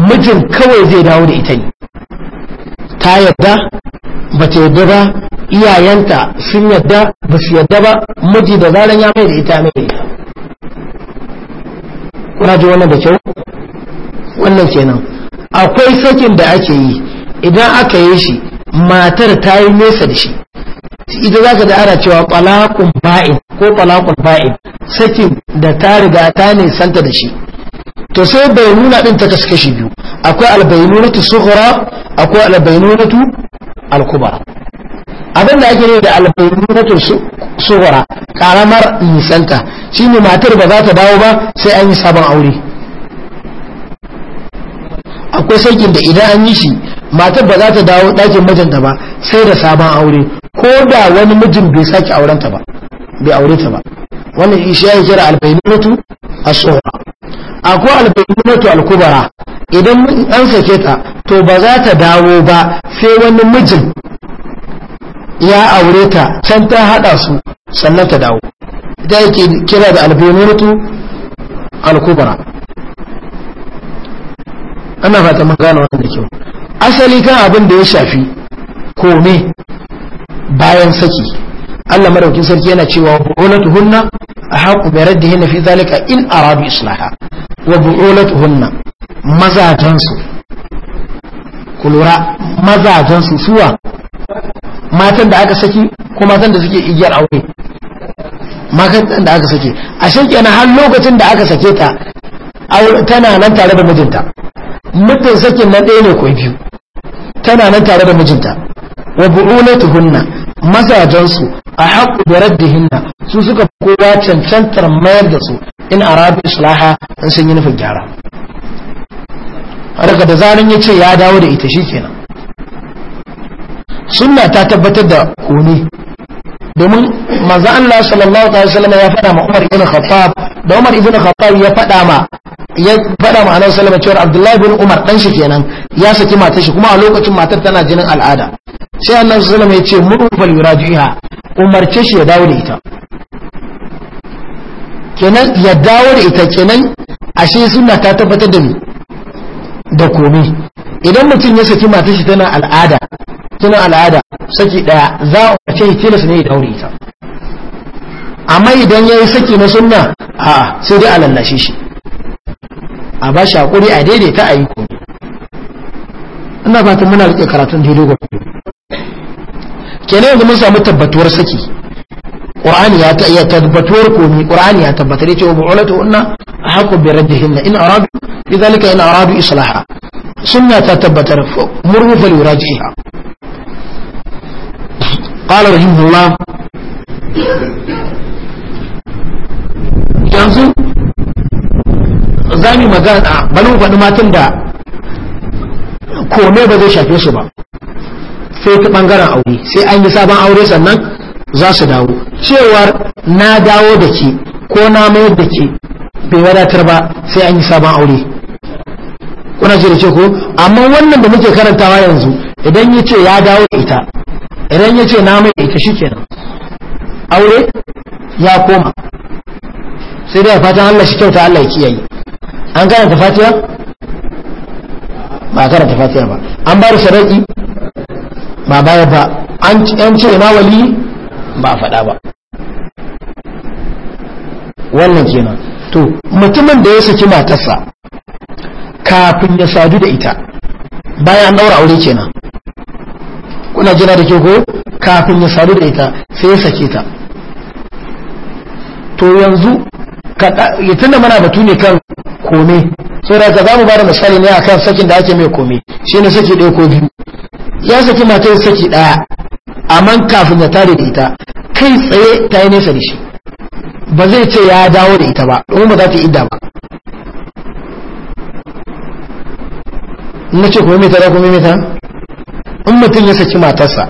mijin kawai zai dawo da ita ne ta yadda ba ta yadda ba iyayenta sun yadda ba su yadda ba miji da zaran ya mai da ita mai ita kuna ji wannan da kyau wannan kenan akwai sakin da ake yi idan aka yi shi matar ta yi nesa da shi ita za ka da ara cewa falakun ba'in ko falakun ba'in sakin da ta riga ta nisanta da shi to sai bayanuna ɗin ta kaskashi biyu akwai ta sughra akwai albainunatu alkubara abin da ake ne da albainunatu sughra karamar nisanta shine matar ba za ta dawo ba sai an yi sabon aure akwai sakin da idan an yi shi matar ba za ta dawo ɗakin mijinta ba sai da sabon aure ko da wani mijin bai sake aurenta ba bai aure ta ba wannan shi ya kira albainunatu as-sughra akwai albainunatu al-kubara idan an sake ta to ba za ta dawo ba sai wani mijin ya aure ta can ta hada su sannan ta dawo da yake kira da albenutu alkubra ana fata magana wannan da kyau asali kan abin da ya shafi kome bayan saki Allah madaukin sarki yana cewa bu'ulatuhunna ahaqqu bi raddihinna fi zalika in aradu islaha wa bu'ulatuhunna mazajan su kulura mazajan su suwa matan da aka saki ko matan da suke igiyar aure matan da aka sake a shekena har lokacin da aka sake ta tana nan tare da mijinta mutum sakin na ɗaya ne ko biyu tana nan tare da mijinta wa bu'ulatuhunna mazajensu a haƙu da raddihinna su suka kowa cancantar mayar da su in arabi islaha in sun yi nufin gyara daga da zanen ya ce ya dawo da ita shikenan sunna ta tabbatar da kone domin maza Allah sallallahu alaihi wasallam ya faɗa ma Umar ibn Khattab da Umar ibn Khattab ya faɗa ma ya fada ma Annabi sallallahu alaihi wasallam cewa Abdullahi ibn Umar dan shi kenan ya saki matar shi kuma a lokacin matar tana jinin al'ada sai annabi sallallahu alaihi wasallam ya ce mudu fal yurajiha umarce shi ya dawo da ita kenan ya dawo da ita kenan ashe suna ta tabbatar da da komai idan mutum ya saki mata shi tana al'ada tana al'ada saki daya za a ce tilas ne ya dawo da ita amma idan ya yi saki na sunna a sai dai a lallashe shi a ba shi hakuri a daidaita a yi komai ina fatan muna rike karatun daidai gwamnati Kene yanzu mun samu tabbatuwar saki qur'ani ya ta iya tabbatuwar komai qur'ani ya tabbatar yace wa bu'ulatu unna ahqqu bi raddihinna in aradu bidhalika in aradu islaha sunna ta tabbatar murhu fal yurajiha qala rahimahullah yanzu za mu magana bari mu faɗi matan da komai ba zai shafe su ba ko ta bangaren aure sai an yi sabon aure sannan za su dawo cewar na dawo da ke ko na mayar da ke bai wadatar ba sai an yi sabon aure kuna ce da ce ko amma wannan da muke karantawa yanzu idan ya ce ya dawo da ita idan ya ce na mai da ita shikenan aure ya koma sai dai fatan Allah shi kyauta Allah ya kiyaye an karanta fatiha ba a karanta fatiha ba an ba da sadaki ba baya ba an ce ma wali ba faɗa ba wannan kenan to mutumin da ya saki matarsa kafin ya sadu da ita bayan an daura aure kenan kuna jira da ke ko kafin ya sadu da ita sai ya sake ta to yanzu ya tunda mana batu ne kan kome sai za mu ba da misali ne akan sakin da ake mai kome shi ne saki ɗaya ko biyu ya saki matar saki daya amma kafin ya tare da ita kai tsaye ta yi nesa da shi ba zai ce ya dawo da ita ba domin ba za ta yi idda ba na ce kuma mita da kuma mita in mutum ya saki matarsa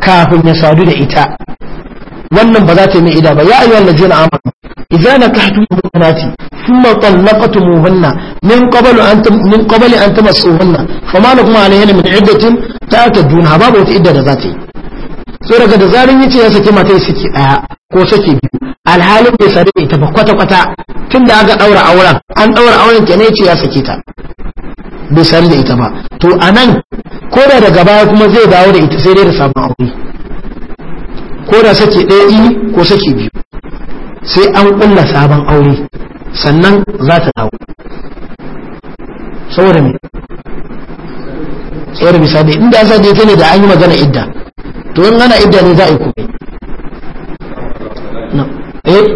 kafin ya sadu da ita wannan ba za ta yi mai idda ba ya ayyana jina amma إذا نكحتم بناتي ثم طلقتموهن من قبل أن من قبل أن تمسوهن فما لكم عليهن من عدة تعتدونها باب وتعدة ذاتي سورة قد زارين يتي يا سكي ماتي سكي آه ko sake biyu alhalin bai sare ita ba kwata-kwata tun da aka ɗaura auren an ɗaura auren ta ce ya sake ta bai sare da ita ba to a nan ko da daga baya kuma zai dawo da ita sai dai da sabon aure ko da sake ɗaya ko sake biyu sai an kulla sabon aure sannan za ta dawo saboda me tsayar misali da inda za ta ne da an yi magana idda to yin ana idda ne za a yi kuɓe eh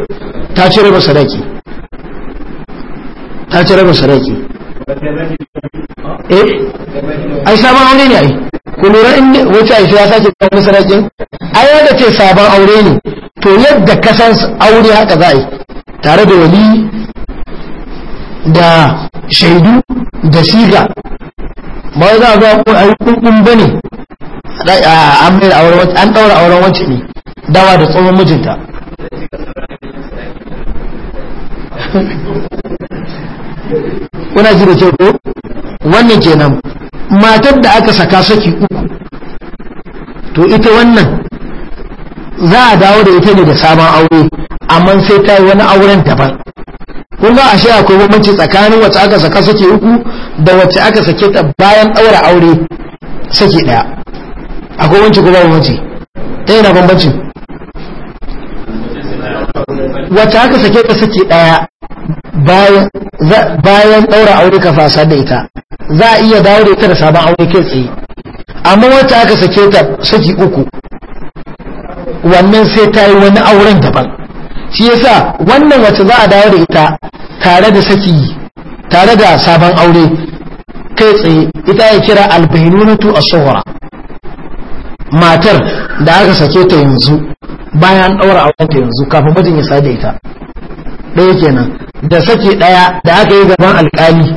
ta cire ba sadaki ta cire ba sadaki eh ai sabon aure ne ai ku lura in wacce aisha ya sace kawo sadakin ai wanda ce sabon aure ne to yadda kasan aure haka za a yi tare da wali da shaidu da siga ba za a zo a yi kunkun ba ne an ɗaura auren wacce ne dawa da tsohon mijinta kuna ji da kyau ko wannan kenan matar da aka saka saki uku to ita wannan za a dawo da ita ne da sabon aure amma sai ta yi wani auren daban kun ga ashe akwai bambanci tsakanin wacce aka saka suke uku da wacce aka sake ta bayan ɗaura aure suke ɗaya akwai bambanci ko babu bambanci ɗaya eh, na bambanci wacce aka sake ta suke ɗaya bayan ɗaura aure ka fasa da ita za a iya dawo da ita da sabon aure kai tsaye amma wacce aka sake ta saki uku wannan sai ta yi wani auren daban shi yasa wannan wacce za a dawo da ita tare da saki tare da sabon aure kai tsaye ita ya kira albainunatu a matar da aka sake ta yanzu bayan daura auren ta yanzu kafin mijin ya sada ita ɗaya kenan da saki ɗaya da aka yi gaban alƙali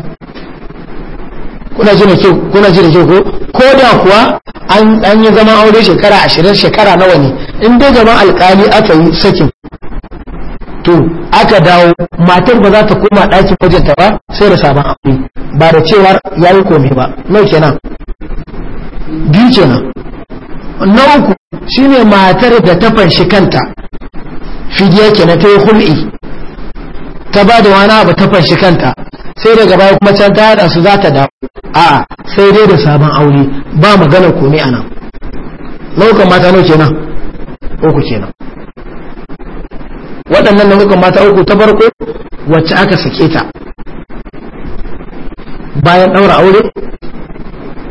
kuna ji kyau kuna ji da kyau ko ko da kuwa an an yi zaman aure shekara 20 shekara nawa ne in dai gaban alkali aka yi sakin to aka dawo matar ba za ta koma ɗakin mijinta ba sai da sabon aure ba da cewar ya yi komai ba nau kenan biyu kenan na uku shine matar da ta fanshi kanta fidiya kenan ta yi hul'i ta ba da wani abu ta fanshi kanta sai daga baya kuma can ta haɗa su za ta dawo a sai dai da sabon aure ba magana komai a nan nau'ukan mata nau kenan uku kenan waɗannan nau'ukan mata uku ta farko wacce aka sake ta bayan ɗaura aure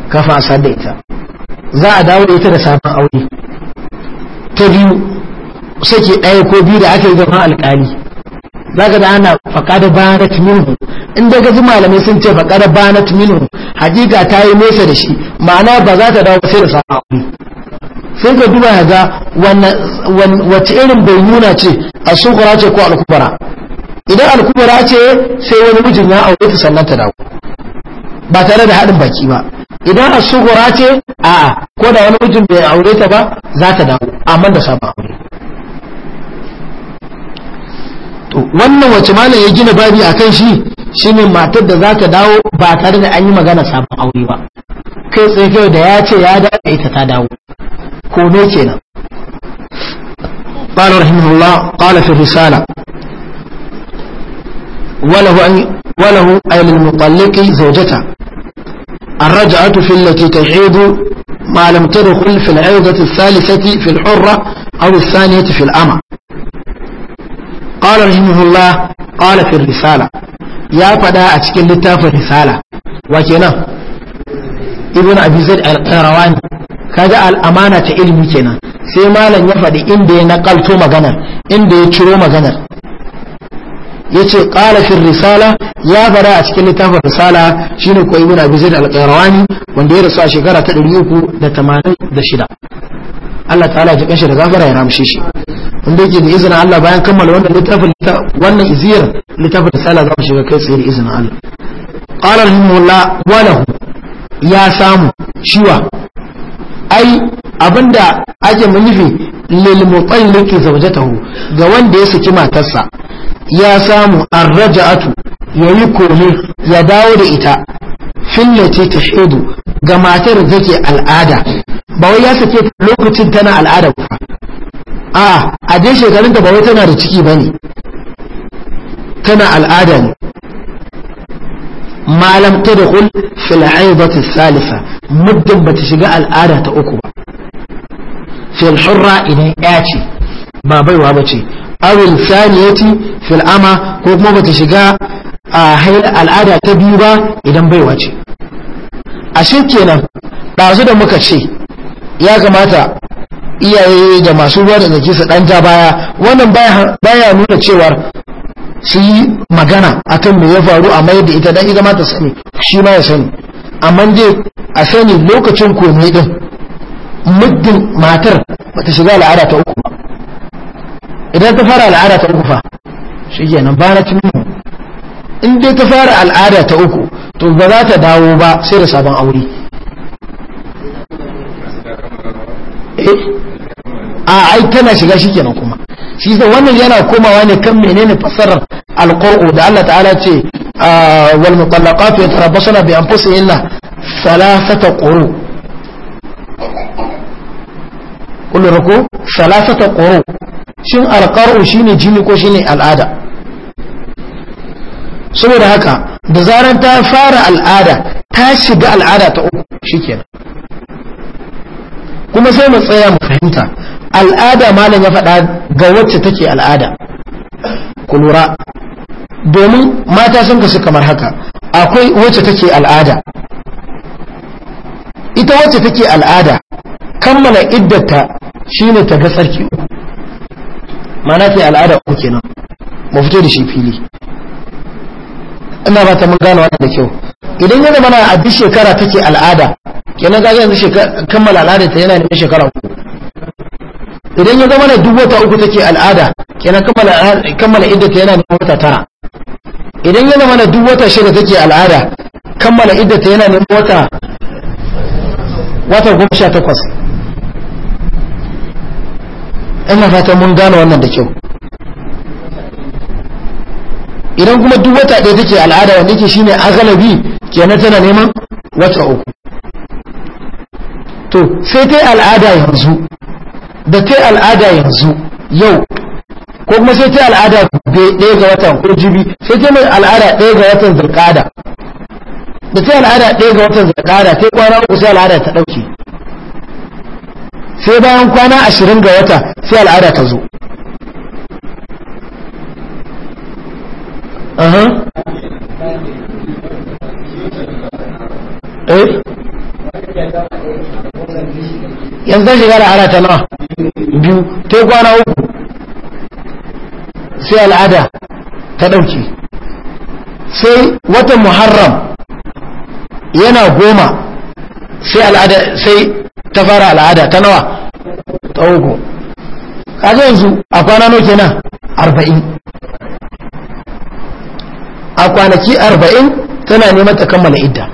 kafa a sadda ita za a dawo da ita da sabon aure ta biyu sake ɗaya ko biyu da aka yi gaban alƙali zaka da ana faqad banat minhu in daga ji malamai sun ce faqad banat minhu hakika ta yi nesa da shi ma'ana ba za ta dawo sai da sahabi Sun ka duba ga wace irin bai nuna ce a sukura ce ko alkubara idan alkubara ce sai wani mijin ya aure ta sannan ta dawo ba tare da haɗin baki ba idan a sukura ce a'a ko da wani mijin bai aure ta ba za ta dawo amma da sabon aure wannan wace malam ya gina babi kan shi shine matar da za ta dawo ba tare da an yi magana sabon aure ba kai tsaye kai da ya ce ya dawo ita ta dawo kome kenan قال رحمه الله قال في الرسالة وله أن وله أي للمطلق زوجته الرجعة في التي تعيد ما لم تدخل في العيدة الثالثة في الحرة أو الثانية في الأمة qala rahimahullah qala fi risala ya fada a cikin littafin risala wa kenan ibn abi al-qarawani kaga al ta ilimi kenan sai malam ya faɗi inda ya naƙalto maganar, inda ya ciro maganar. ya ce ƙalafin risala ya faɗa a cikin littafin risala shi ne kuwa ibina bizir alƙairawani wanda ya rasu a shekara ta shida. Allah ta'ala ya jikin shi da zafara ya ramshe shi wanda yake da izinin Allah bayan kammala wannan littafin wannan iziyar littafin risala za mu shiga kai tsaye da izinin Allah qala rahimahullah walahu ya samu shiwa ai abinda ake manufi lil mutallaqi zawjatahu ga wanda ya saki matarsa ya samu arraja'atu yayi kome ya dawo da ita fillati tahidu ga matar da take al'ada ba wai ya sake lokacin tana al'ada ba a a shekarun ta bawai tana da ciki ba ne, tana al'ada ne malam ta da kul ta salisa muddin ta shiga al'ada ta uku ba fil hurra idan ya ce ba baiwa ba ce awil saniyati fil ama ko kuma ba ta shiga a al'ada ta biyu ba idan baiwa ce A shi kenan ɗazu da muka ce ya kamata iyaye da masu ruwa da zaki su dan ja baya wannan baya nuna cewar su yi magana akan me ya faru a mayar da ita dan ita mata ta sani shi ma ya sani amma dai a sani lokacin komai din muddin matar bata shiga al'ada ta uku ba idan ta fara al'ada ta uku fa nan ba na cin in dai ta fara al'ada ta uku to ba za ta dawo ba sai da sabon aure eh a ai tana shiga shikenan kuma shi sai wannan yana komawa ne kan menene fasarar alqur'u da Allah ta'ala ce ah, wal mutallaqatu yatarabbasuna bi anfusihinna thalathata quru kullu ruku thalathata quru shin alqur'u shine jini ko shine al'ada saboda haka da zaran ta fara al'ada ta shiga al'ada ta uku shikenan kuma sai mu tsaya mu fahimta al'ada malam ya faɗa ga wacce take al'ada ku lura domin mata sun kasu kamar haka akwai wacce take al'ada ita wacce take al'ada kammala iddata shine ta ga tsarki uku mana ta al'ada uku kenan mu fito da shi fili ina ba ta mun gano wannan da kyau idan yana mana a duk shekara take al'ada kenan ga yanzu kammala al'ada ta yana neman shekara uku idan ya zama na duk wata uku take al'ada kenan kammala iddata yana neman wata tara idan ya zama na duk wata shida take al'ada kammala iddata yana neman wata wata goma sha takwas ina fatan mun gane wannan da kyau idan kuma duk wata ɗaya take al'ada wanda yake shine agalabi kenan tana neman wata uku to sai ta al'ada yanzu da ta al'ada yanzu yau ko kuma sai ta al'ada ɗaya ga watan kurjibi sai ta mai al'ada ɗaya ga watan zirkada da ta al'ada ɗaya ga watan zirkada ta kwana uku sai al'ada ta ɗauke sai bayan kwana ashirin ga wata sai al'ada ta zo eh yanzu shiga da ta nawa biyu ta kwana uku sai al'ada ta ɗauke sai watan muharram yana goma sai al'ada sai ta fara al'ada ta nawa ta uku kaji yanzu a kwana nauke na arba'in a kwanaki arba'in tana neman ta kammala idda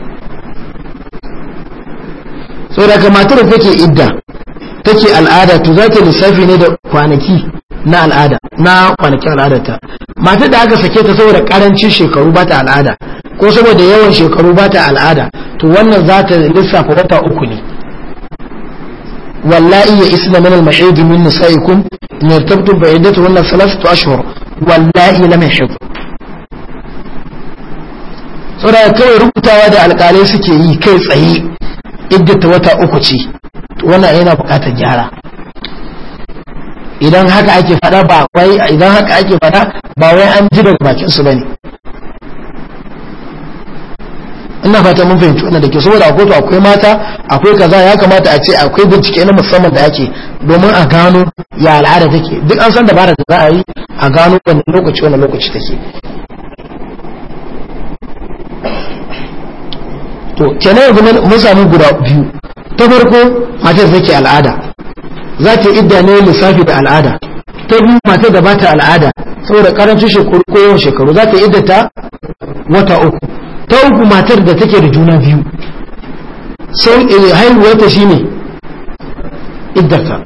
saboda ka matar da take idda take al'ada to za ta lissafi ne da kwanaki na al'ada na kwanakin al'adarta matar da aka sake ta saboda karancin shekaru ba ta al'ada ko saboda yawan shekaru ba ta al'ada to wannan za ta lissafa wata uku ne wallahi ya isna min al-mahid min nisaikum in yartabtu bi iddatu wannan thalathatu ashhur wallahi lam yahid saboda kawai rubutawa da alƙalai suke yi kai tsaye iddata wata uku ce wannan yana bukatar gyara idan haka ake fada ba wai idan haka ake fada ba wai an ji daga bakin su bane ina fata mun fahimci wannan da ke saboda akwai kotu akwai mata akwai kaza ya kamata a ce akwai bincike na musamman da ake domin a gano ya al'ada take duk an san dabara da za a yi a gano wani lokaci wani lokaci take to kenan yanzu mun samu guda biyu ta farko matar take al'ada za ta idda ne lissafi da al'ada ta biyu matar da bata al'ada saboda karancin shekaru ko yawan shekaru za ta idda ta wata uku ta uku matar da take da juna biyu sai eh, haihuwarta shine iddarta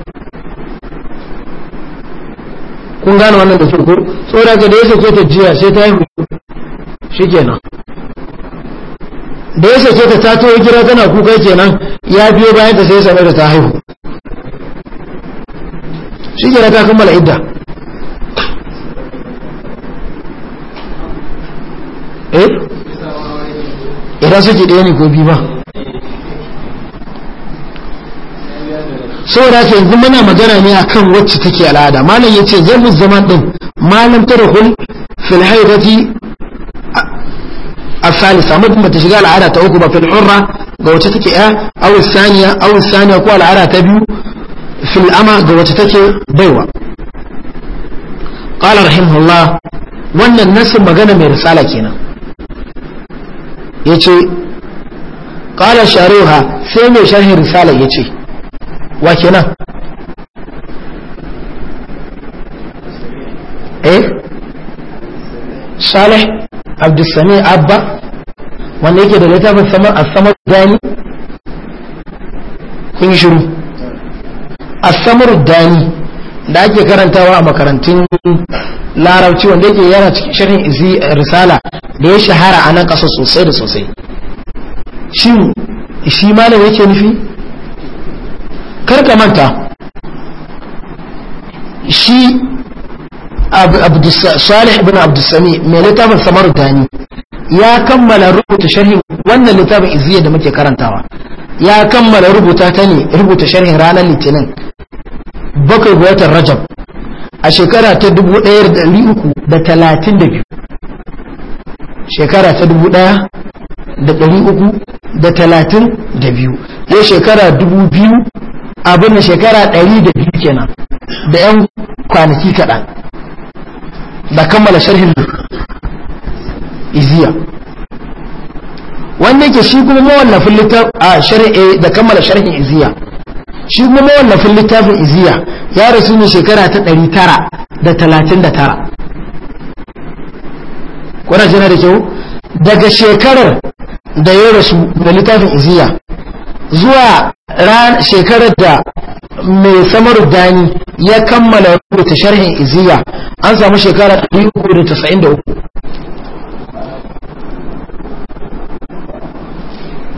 kun gane wannan da shekaru saboda ka da ya sake ta jiya sai ta haihu shi kenan da ya sake ta tato gida tana kuka kenan ya biyo bayan ta sai sanar da ta haihu shi ta kammala idda eh idan suke ɗaya ne ko biyu ba saboda ke yanzu muna magana ne akan wacce take al'ada malam ya ce zarfin zaman ɗin malam ta da kun filhaidati asalisa mutum bata shiga al'ada ta uku ba fil urra ga wacce take ya aw saniya aw saniya ko al'ada ta biyu fil ama ga wacce take baiwa qala rahimahullah wannan nasin magana mai risala kenan yace qala sharuha sai mai sharhin risala yace wa kenan eh abba wanda yake da littafin samar a samar dani kun yi shiru a samar dani da ake karantawa a makarantun larabci wanda yake yana cikin shirin izi risala da ya shahara a nan ƙasa sosai da sosai shin shi malam yake nufi karka manta shi salih ibn abdulsami mai littafin samar dani ya kammala rubuta sharhin wannan littafin iziya da muke karantawa ya kammala rubuta ta ne rubuta sharhin ranar litinin bakwai ga watan rajab a shekara ta 1332 shekara ta 1332 ya shekara 2000 abin da shekara 102 kenan da 'yan kwanaki kaɗan da kammala sharhin iziya wanda yake shi kuma mawallafin littafin a shari'a eh, da kammala sharhin iziya shi kuma mawallafin littafin iziya ya rasu ne shekara ta 939 kuna jina da kyau daga shekarar da ya rasu da littafin iziya zuwa shekarar da mai samar dani ya kammala rubuta sharhin iziya an samu shekara 393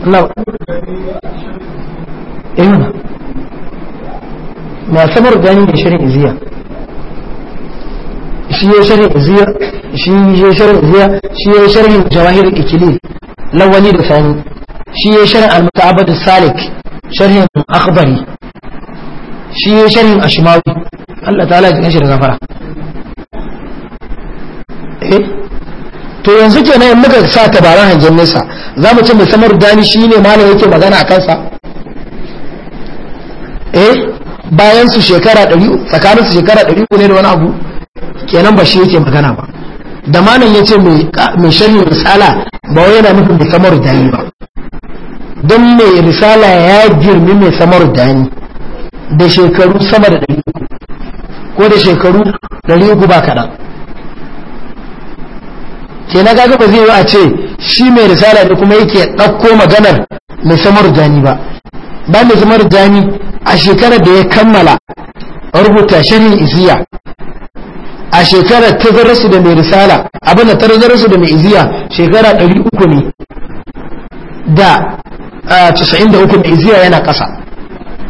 Na eh na samar gani da shirin iziya shi ya shirin iziya shi ya shirin iziya shi ya shirin jawahir ikili lawali da sani shi ya shirin al-muta'abbad salik shirin akhbari shi ya shirin ashmawi Allah ta'ala ya ganin shi da gafara eh to yanzu ke nan muka sa tabaran hangen nesa za mu ci samar da shi ne malam yake magana a kansa eh bayan su shekara 300 tsakanin su shekara 300 ne da wani abu kenan ba shi yake magana ba da malam yace mai sharhin risala ba wai yana nufin da ni ba don mai risala ya girmi mai samar ni da shekaru sama da 300 ko da shekaru 300 ba kaɗan ke na gaga ba zai yi a ce shi mai risala da kuma yake ɗauko maganar mai samar jani ba ba mai samar jani a shekarar da ya kammala rubuta shirin iziya a shekarar tazararsu da mai risala abin da tazararsu da mai iziya shekara 300 ne da 93 da iziya yana ƙasa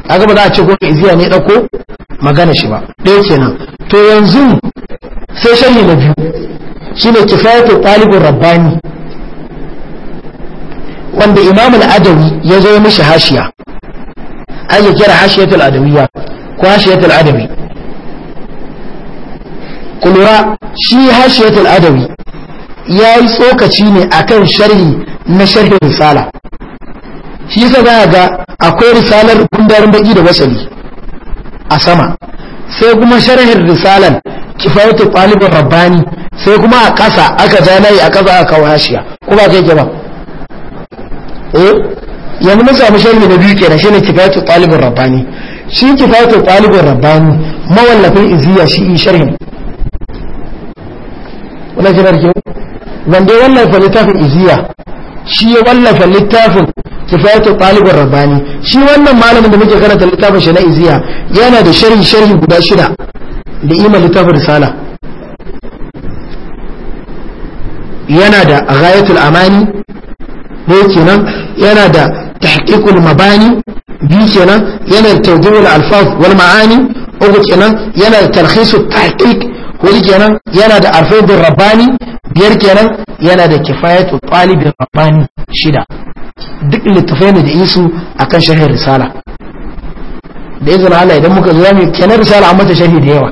kaga ba za a ce ko iziya ne ɗauko magana shi ba ɗaya kenan to yanzu sai shirin na biyu shine kifayatu talibur rabbani wanda imam al-adawi ya zo mishi hashiya ai ya kira hashiyatul adawiyya ko hashiyatul adawi kulura shi hashiyatul adawi ya yi tsokaci ne akan sharhi na sharhin risala shi yasa za ga akwai risalar kundarin baƙi da wasali a sama sai kuma sharhin risalan kifayatu talibin rabbani sai kuma a ƙasa aka ja yi a ƙasa aka washiya hashiya ko ba kai ke ba eh yanzu mun samu sharhi na biyu kenan shine kifayatu talibin rabbani shi kifayatu talibin rabbani mawallafin iziya shi in sharhi wala kinar ke wanda ya wallafa littafin iziya shi ya wallafa littafin kifayatu talibin rabbani shi wannan malamin da muke karanta littafin shi na iziya yana da sharhi sharhi guda shida da ima littafin risala yana da ghayatul amani ne kenan yana da tahqiqul mabani biyu kenan yana da tawdi'ul alfaz wal ma'ani uku kenan yana da tarkhisut tahqiq hudu kenan yana da arfaidur rabbani biyar kenan yana da kifayatu talibin rabbani shida duk littafai ne da isu akan sharhin risala da izin Allah idan muka zo zamu kenan risala amma ta sharhi da yawa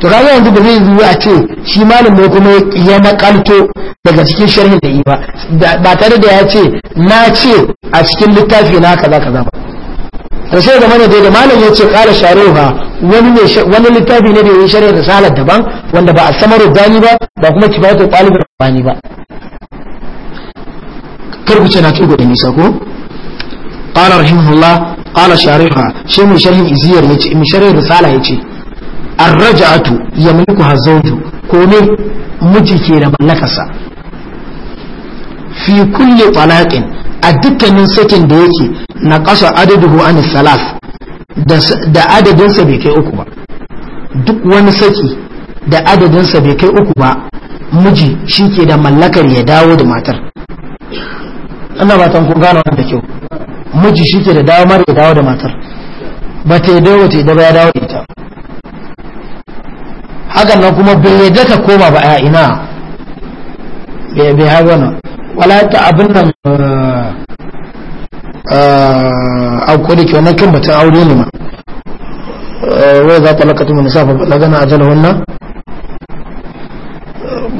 to ga yanzu da zai zuwa a ce shi malam ne kuma ya makalto daga cikin sharhin da yi ba ba tare da ya ce na ce a cikin littafi na kaza kaza ba da sai da da malam ya ce kala sharuha wani littafi ne da yi shari'a da salar daban wanda ba a samaru gani ba ba kuma ba talib talibi ba ba. karku ce na tugo da nisa ko qala rahimahullah qala sharuha shi mu sharhin iziyar yace mu sharhin risala yace arraja'atu yamliku hazawju ko ne miji ke da mallakarsa fi kulli talaqin a dukkanin sakin da yake na ƙasa adaduhu an salaf da adadinsa bai kai uku ba duk wani saki da adadinsa bai kai uku ba miji shi ke da mallakar ya dawo da matar ba tan ku gano da kyau miji shi ke da dawo mara ya dawo da matar ba ta yi dawo ta yi ba ya dawo da ita hakan nan kuma bai yadda ta koma ba a ina bai haɗu nan wala ta abin nan eh, eh, a kodin ke wani kin batun aure ne ma eh, wai za ta lakatun wani safa ba lagana a jana wannan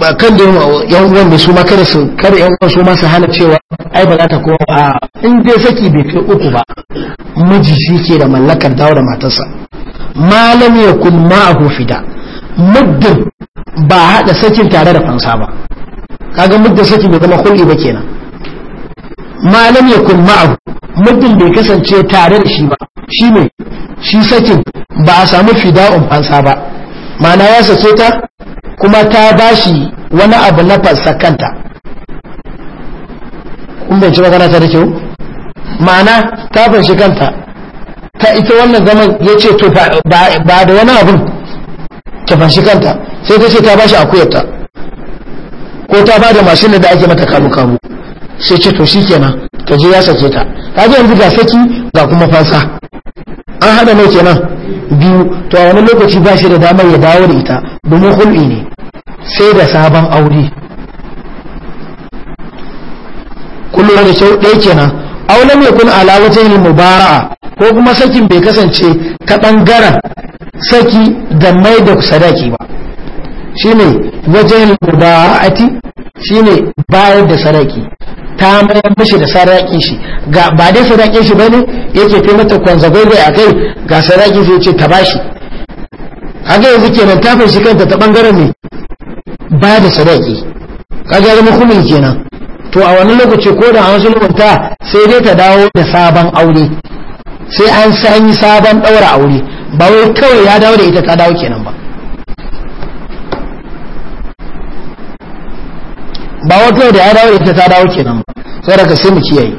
ba kan da yan uwan da su ma kada su kada yan uwan su ma su hana cewa ai ba za ta koma a in dai saki bai fi uku ba miji shi ke da mallakar dawo da matarsa malam yakun ma'ahu fida muddin ba haɗa sakin tare da fansa ba kaga muddin saki bai zama kulli ba kenan malam ya kun ma'ahu muddin bai kasance tare da shi ba shi ne shi sakin ba a samu fida'un fansa ba ma'ana ya sace ta kuma ta bashi wani abu na fansa kanta kun bai ci magana ta da kyau ma'ana ta fansa kanta ta ita wannan zaman ya ce to ba da wani abin ta fashi kanta sai ta ce ta bashi akuyarta ko ta ba da mashin da ake mata kamu kamu sai ce to shikenan ka je ya sake ta ta ji yanzu ga saki ga kuma fansa an hada mai kenan biyu to a wani lokaci ba shi da damar ya dawo da ita domin hulɗi ne sai da sabon aure kullum da kyau ɗaya kenan aure mai kun ala wajen yin mubara'a ko kuma sakin bai kasance ta ɓangaren saki da mai da sadaki ba shine wajen shi shine bayar da sadaki ta mayar mishi da sadaki shi ga ba dai sadakin shi bane yake kai mata kwanzabai a kai ga sadakin shi yace ta bashi haka yanzu kenan ta fashi kanta ta bangaren ne ba da sadaki kaga zama kumin kenan to a wani lokaci ko da an sulhunta sai dai ta dawo da sabon aure sai an sanyi sabon ɗaura aure ba wai kawai ya dawo da ita ta dawo kenan ba ba wai kawai da ya dawo da ita ta dawo kenan ba sai daga sai mu kiyaye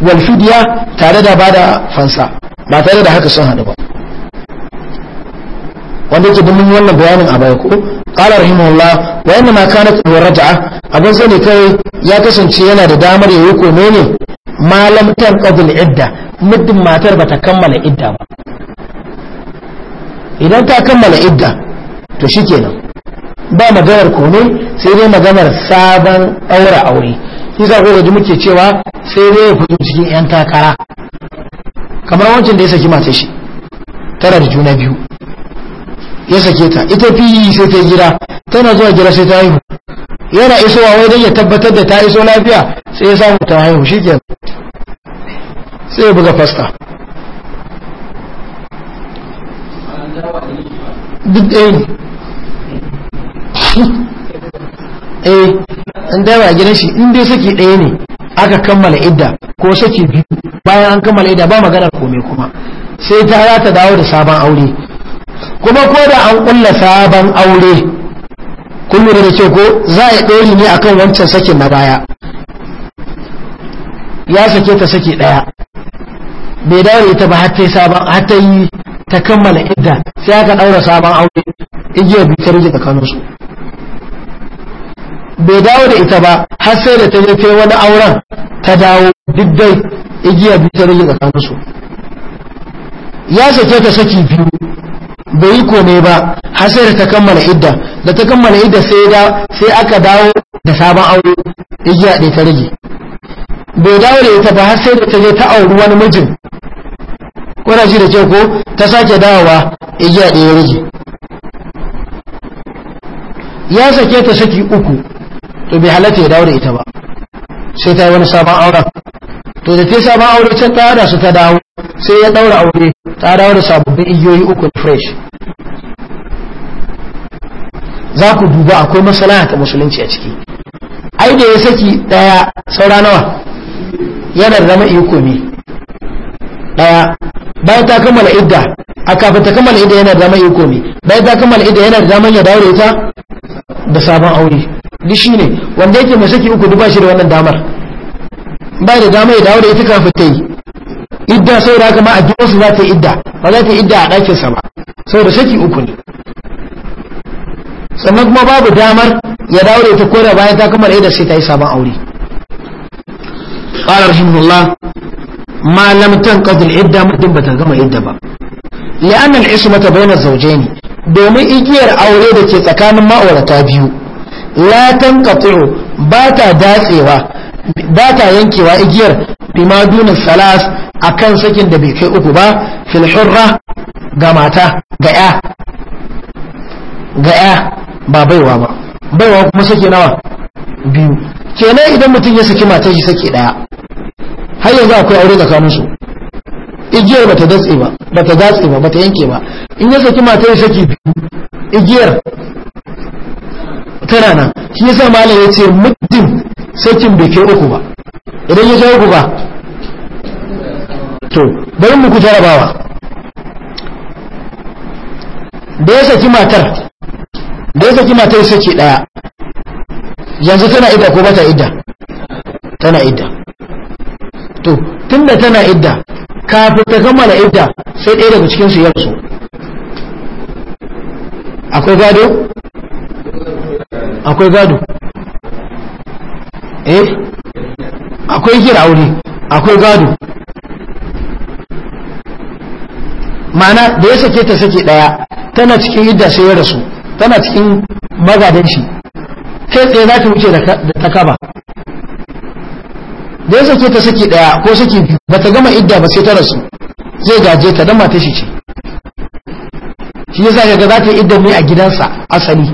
wal fidya tare da bada fansa ba tare da haka sun hadu ba wanda yake dumin wannan bayanin a baya ko qala rahimahullah wa inna ma kanat warraja abin sai ne kai ya kasance yana da damar yayi kome ne malam tanqadul idda muddin matar bata kammala idda ba idan ta kammala idda to shikenan ba maganar kone sai dai maganar sabon aure aure shi za ku gaji muke cewa sai dai ya fito cikin 'yan takara kamar wancan da ya saki matar shi tara da juna biyu ya sake ta ita fi sai ta gira tana zuwa gira sai ta haihu yana isowa wai don ya tabbatar da ta iso lafiya sai ya samu ta haihu shi ke sai ya buga fasta duk ɗaya ne eh an dawa gidan shi in dai saki ɗaya ne aka kammala idda ko saki biyu bayan an kammala idda ba maganar kome kuma sai ta za ta dawo da sabon aure kuma ko da an ƙulla sabon aure kun lura da ke ko za a yi ɗori ne akan wancan sakin na baya ya sake ta saki ɗaya bai dawo ita ba har ta yi ta kammala idda sai aka ɗaura sabon aure igiyar bi ta rage tsakaninsu bai dawo da ita ba har sai da ta yi ta wani auren ta dawo duk dai igiyar bi ta rage tsakaninsu ya sake ta saki biyu bai yi kome ba har sai da ta kammala idda da ta kammala idda sai da sai aka dawo da sabon aure igiya ɗaya ta rage bai dawo da ita ba har sai da ta je ta auri wani mijin kuna shi da ce ko ta sake dawowa igiya ɗaya ya rage ya sake ta saki uku to bai halatta ya dawo da ita ba sai ta yi wani sabon aure to da ta sabon aure can ta hada su ta dawo sai ya daura aure ta dawo da sababbin igiyoyi uku fresh za ku duba akwai masalaha ta musulunci a ciki ai da ya saki daya saura nawa yana zama iko ne daya bayan ta kammala idda a kafin ta kammala idda yana zama iko ne bayan ta kammala idda yana zama ya dawo da ita da sabon aure duk shi ne wanda yake mai saki uku duba shi da wannan damar ba da damar ya dawo da ita kafin ta yi idda sai da haka a gidansu za ta yi idda ba za ta yi idda a ɗakinsa ba saboda saki uku ne sannan kuma babu damar ya dawo da ita bayan ta kamar idda sai ta yi sabon aure qala rahimahullah ma lam idda mutum ta gama idda ba li'anna al ismata zauje ne domin igiyar aure da ke tsakanin ma'aurata biyu la tanqatu ba ta datsewa ba ta yankewa igiyar bima dunin salas akan sakin da bai kai uku ba fil hurra ga mata ga ya ga ya ba baiwa ba baiwa kuma sake nawa biyu kenan idan mutum ya saki matar shi sake daya har yanzu akwai aure tsakanin su igiyar bata datse ba bata datse ba bata yanke ba in ya saki matar shi sake biyu igiyar tana nan shi yasa malam ya ce muddin sakin bai kai uku ba idan ya kai uku ba to bari muku jarabawa da ya saki matar da ya saki matar saki daya yanzu tana idda ko bata idda tana idda to tunda tana idda kafin ta kammala idda sai ɗaya daga cikin su so akwai gado akwai gado eh akwai kira aure akwai gado mana da ya sake ta sake daya tana cikin yadda sai ya rasu tana cikin magadan shi kai tsaye za ta wuce da ta kaba da ya sake ta sake daya ko sake biyu ba ta gama idda ba sai ta rasu zai gaje ta dan mata shi ce shi yasa ga za ta idda mai a gidansa asali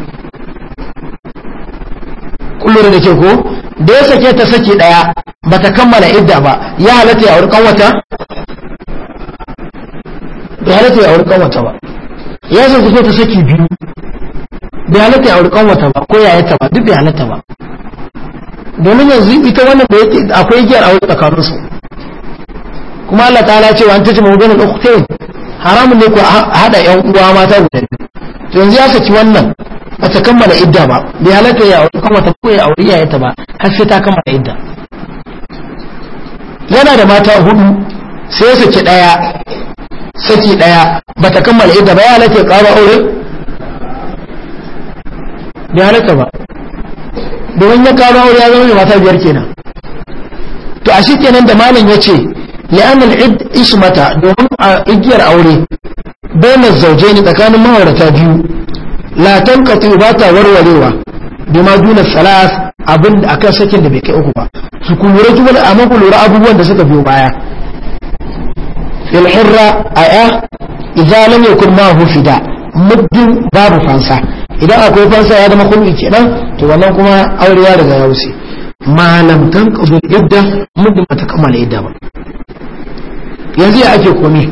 kullum da ke ko da ya sake ta saki daya ba ta kammala idda ba ya halatta ya auri kanwata ya halatta ya auri kanwata ba ya sake ta saki biyu bai halatta ya auri kanwata ba ko yayata ba duk bai halatta ba domin yanzu ita wannan da yake akwai giyar aure tsakanin su kuma Allah ta'ala cewa an tace mu ganin ukhtain haramun ne ku hada yan uwa mata guda biyu to yanzu ya saki wannan ba ta kammala idda ba bai halatta ya aure kuma ta koya aure yayanta ba har sai ta kammala idda yana da mata hudu sai saki daya saki daya ba ta kammala idda ba ya halatta ya ƙara aure bai halatta ba domin ya ƙara aure ya zama mata biyar kenan to a shi kenan da malam ya ce li'anal id ismata domin a igiyar aure bayan zauje ne tsakanin ma'aurata biyu la kati ba ta warwarewa bima duna salas abin da akan sakin da bai kai uku ba su kulura jumla amma lura abubuwan da suka biyo baya fil hurra aya idza lam yakun ma hu fida muddin babu fansa idan akwai fansa ya zama kullu kenan to wannan kuma aure ya riga ya wuce malam tanqadul idda muddin ba ta kammala idda ba yanzu ya ake komi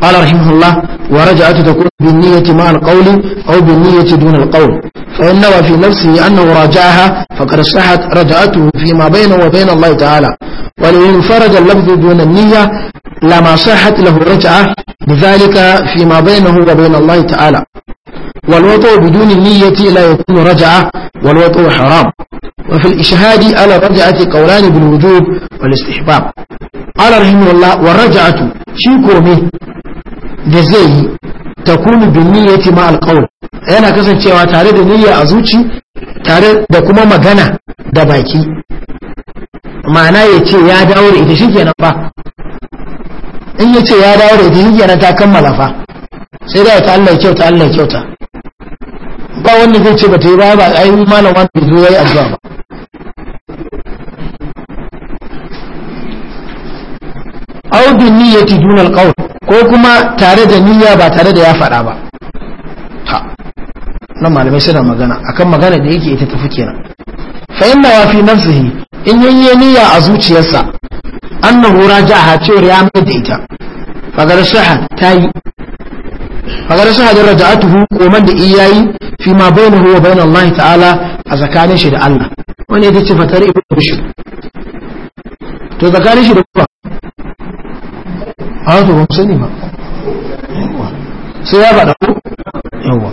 قال رحمه الله ورجعت تكون بالنية مع القول أو بالنية دون القول فإن نوى في نفسه أنه راجعها فقد صحت رجعته فيما بينه وبين الله تعالى ولو انفرد اللفظ دون النية لما صحت له رجعة بذلك فيما بينه وبين الله تعالى والوطء بدون النية لا يكون رجعة والوطء حرام وفي الإشهاد على الرجعة قولان بالوجوب والاستحباب قال رحمه الله والرجعة شيكو مه da zai yi ta kunu bin niyyati ma alqaul yana kasancewa tare da niyya a zuci tare da kuma magana da baki ma'ana ya ce ya dawo da ita nan ba in ya ce ya dawo da ita nan ta kammala fa sai da ya ta Allah kyauta Allah kyauta ba wanda zai ce bata yi ba ba yi malam wanda bai zo yi addu'a ba أو بالنية دون القول ko kuma tare da niyya ba tare da ya faɗa ba ha nan malamai suna magana akan magana da yake ita tafi kenan fa inna wa fi nafsihi in yayi niyya a zuciyarsa annahu raja'a cewar ya mai da ita fagar shaha tayi fagar shaha da raja'atuhu man da iyayi fi ma bainahu wa bain Allah ta'ala a tsakanin shi da Allah wani ya ce fatar ibnu bishr to tsakanin shi da kuma a su ba sani ba sai ya faɗa ko yawa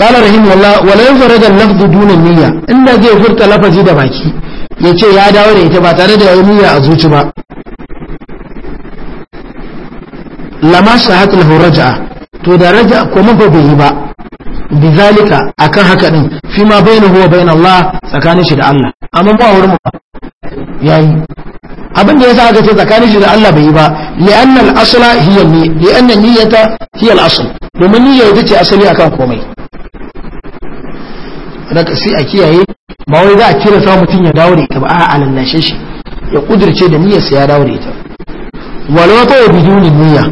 قال wala الله ولا يفرد اللفظ دون النية إن ذي فرت da baki yace ya dawo da ita ba tare da yayi niyya a zuci ba lama sahat lahu raj'a to da raj'a ko mafa bai yi ba bizalika akan haka din fi ma bainahu wa bainallah tsakanin shi da Allah amma ba wurin ba yayi abin da sa aka ce tsakanin shi da Allah bai yi ba li'anna al-asla hiya ni li'anna niyyata hiya al-asl domin niyya ita ce asali akan komai daga sai a kiyaye ba wai za a kira sa mutum ya dawo da ita ba a alallashe shi ya kudirce da niyyarsa ya dawo da ita walau ta wa biduni niyya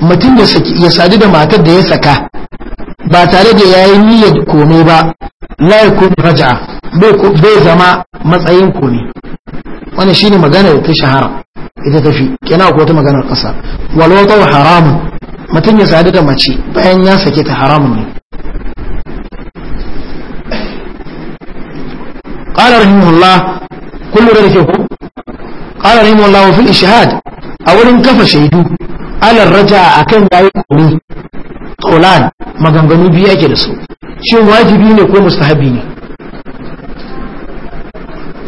mutum ya sadu da matar da ya saka ba tare da yayi niyyar komai ba la yakun raja'a bai zama matsayin komai wani shine magana da ta shahara ita tafi kina ko ta magana kasa wal wadu haram ya sadu da mace bayan ya sake ta haramun ne qala rahimullah kullu da yake ku qala rahimullah kafa shaidu ala raja akan yayi kuri qulan maganganu biyu ake da su shin wajibi ne ko mustahabi ne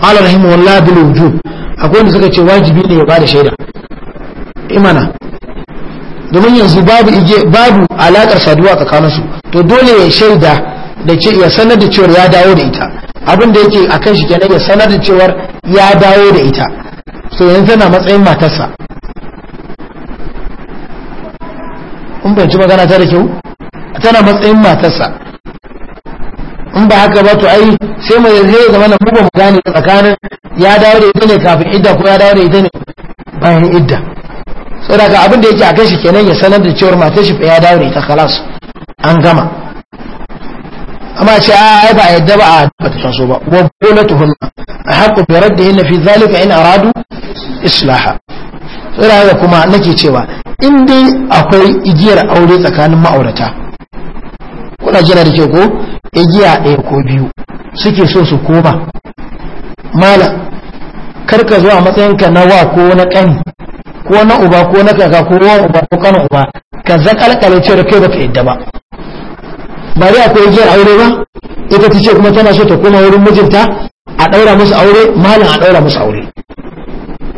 qala rahimahullah bil wujub akwai wanda suka ce wajibi ne ya bada shaida imana eh domin yanzu babu ige babu alakar saduwa tsakanin to dole ya shaida da ce ya sanar da cewar ya dawo da ita abin da yake kan shi kenan ya sanar da cewar ya dawo da ita so yanzu tana matsayin matarsa kun bai ci magana ta da kyau tana matsayin matarsa in ba haka ba to ai sai mu zai zama na mu ba mu gane tsakanin ya dawo da ita ne kafin idda ko ya dawo da ita ne bayan idda saboda ga abin da yake a kai shi kenan ya sanar da cewar matar shi ya dawo da ita kalas an gama amma ce a ai ba yadda ba a ba ta taso ba wa bulatuhun a haƙƙo bi raddihin fi zalika in aradu islaha saboda haka kuma nake cewa in dai akwai igiyar aure tsakanin ma'aurata kuna jira da ke ko igiya ɗaya ko biyu suke so su koma mala karka zuwa matsayinka na wa ko na ƙani ko na uba ko na kaka ko ruwan uba ko kana uba ka zakalkale ce da kai baka yadda ba ba dai akwai igiyar aure ba ita ta ce kuma tana so ta koma wurin mijinta a ɗaura musu aure malam a ɗaura musu aure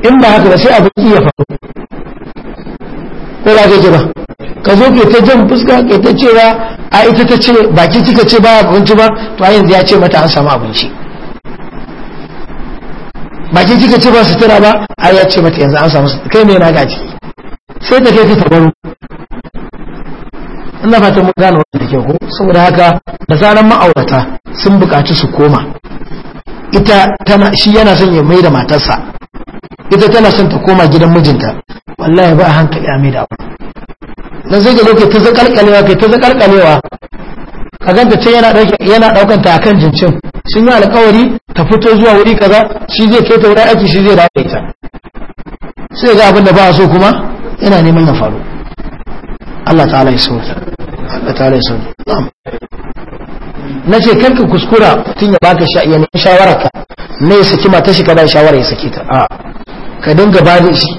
in ba haka ba sai abin iya faru ko ba ka ba ka zo ke ta jan fuska ke ta cewa a ita ta ce baki kika ce ba abinci ba to a yanzu ya ce mata an samu abinci baki kika ce ba sutura ba a ya ce mata yanzu an samu sutura kai mai naga ciki sai ta kai ka tabaru ina fata mun gano wanda ke ku saboda haka da zaran ma'aurata sun buƙaci su koma ita tana shi yana son ya mai da matarsa ita tana son ta koma gidan mijinta wallahi ba hankali a mai da abu dan sai ka zo kai ta zakalkalewa ke ta zakalkalewa ka ganta ce yana dauke yana daukan ta akan jincin sun yi alƙawari ta fito zuwa wuri kaza shi zai kai ta wurin aiki shi zai dawo ita sai ga abin da ba so kuma yana neman ya faru Allah ta'ala ya so Allah ta'ala ya so na ce karka kuskura mutum ya baka shawara ka ne ya saki mata shi ka ba shawara ya saki ta a ka dinga ba da shi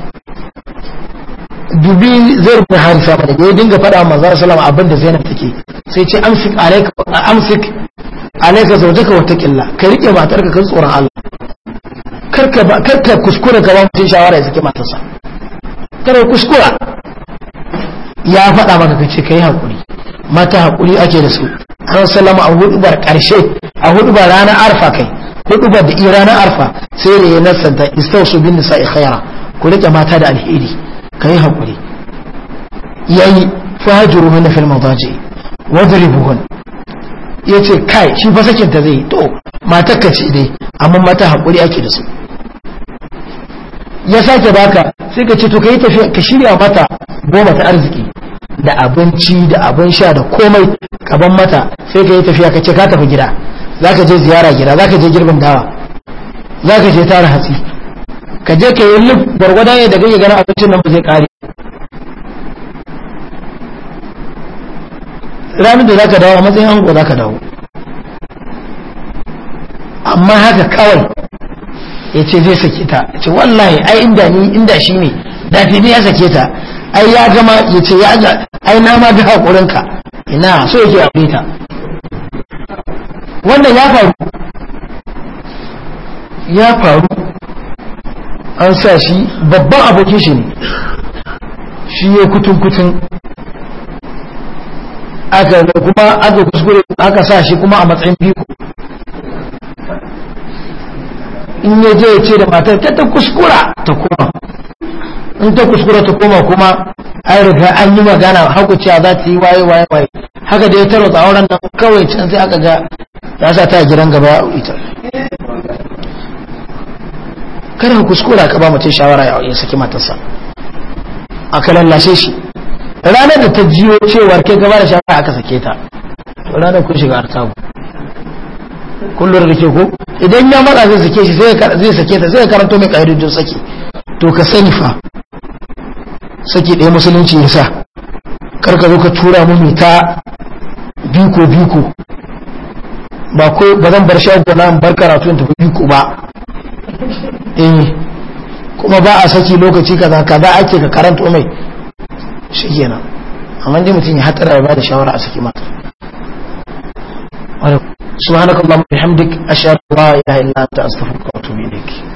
dubi zai rufe harisa ba daga ya dinga faɗa manzan salama abin da zainab take sai ce amsik alaika ka wata killa ka riƙe matarka kan tsoron allah karka kuskura ka ba cin shawara ya sake matarsa karka kuskura ya faɗa maka kace ka yi haƙuri mata haƙuri ake da su an salama a hudubar ƙarshe a hudubar ranar arfa kai hudubar da iya ranar arfa sai da ya nasanta istausu bin nisa'i khaira ku riƙe mata da alheri kai haƙuri yayi fajiru hunna fil madaji ya yace kai shi fasakinta zai to matar ka ce dai amma mata haƙuri ake da su ya sake baka sai ka ce to yi tafiya ka shirya mata goma ta arziki da abinci da abin sha da komai kaban mata sai ka yi tafiya ka ce ka tafi gida za ka je ziyara gida za ka je girbin dawa za ka je tara hatsi ka je ka yi lif gwargwada ne da ya gana abincin nan ba zai kare ranar da za ka dawo a matsayin hango za ka dawo amma haka kawai ya ce zai sake ta ce wallahi ai inda ni inda shi ne da ne ya sake ta ai ya gama ya ce ya ga ai na ma da haƙurinka ina so yake aure ta wannan ya faru ya faru an sa shi babban abokin shi ne shi ya kutun-kutun aka kuma aka kuskure aka sa shi kuma a matsayin biyu in ya je ya ce da matar ta ta kuskura ta koma in ta kuskura ta koma kuma an rufe an yi magana hakuciya za ta yi waye waye waye haka da ya tarwata auren nan kawai can sai aka ga ya sa ta gidan gaba ita kada kuskura ka ba mutum shawara ya saki matarsa a kalallashe shi ranar da ta jiyo cewar ke gaba da shawara aka sake ta ranar kun shiga artabu kullum da ke ko idan ya mara zai sake shi zai sake ta zai karanto mai ƙa'idojin saki to ka sani fa saki ɗaya musulunci yasa karka zo ka tura mu ta biko biko ba ko ba zan bar shago na bar karatu in tafi biko ba eh kuma ba a saki lokaci kaza kaza ake ka karanta mai shi kenan amma dai mutum ya hatara ya da shawara a saki mata subhanakallahumma bihamdik ashhadu an ya ilaha illa anta astaghfiruka wa atubu ilaik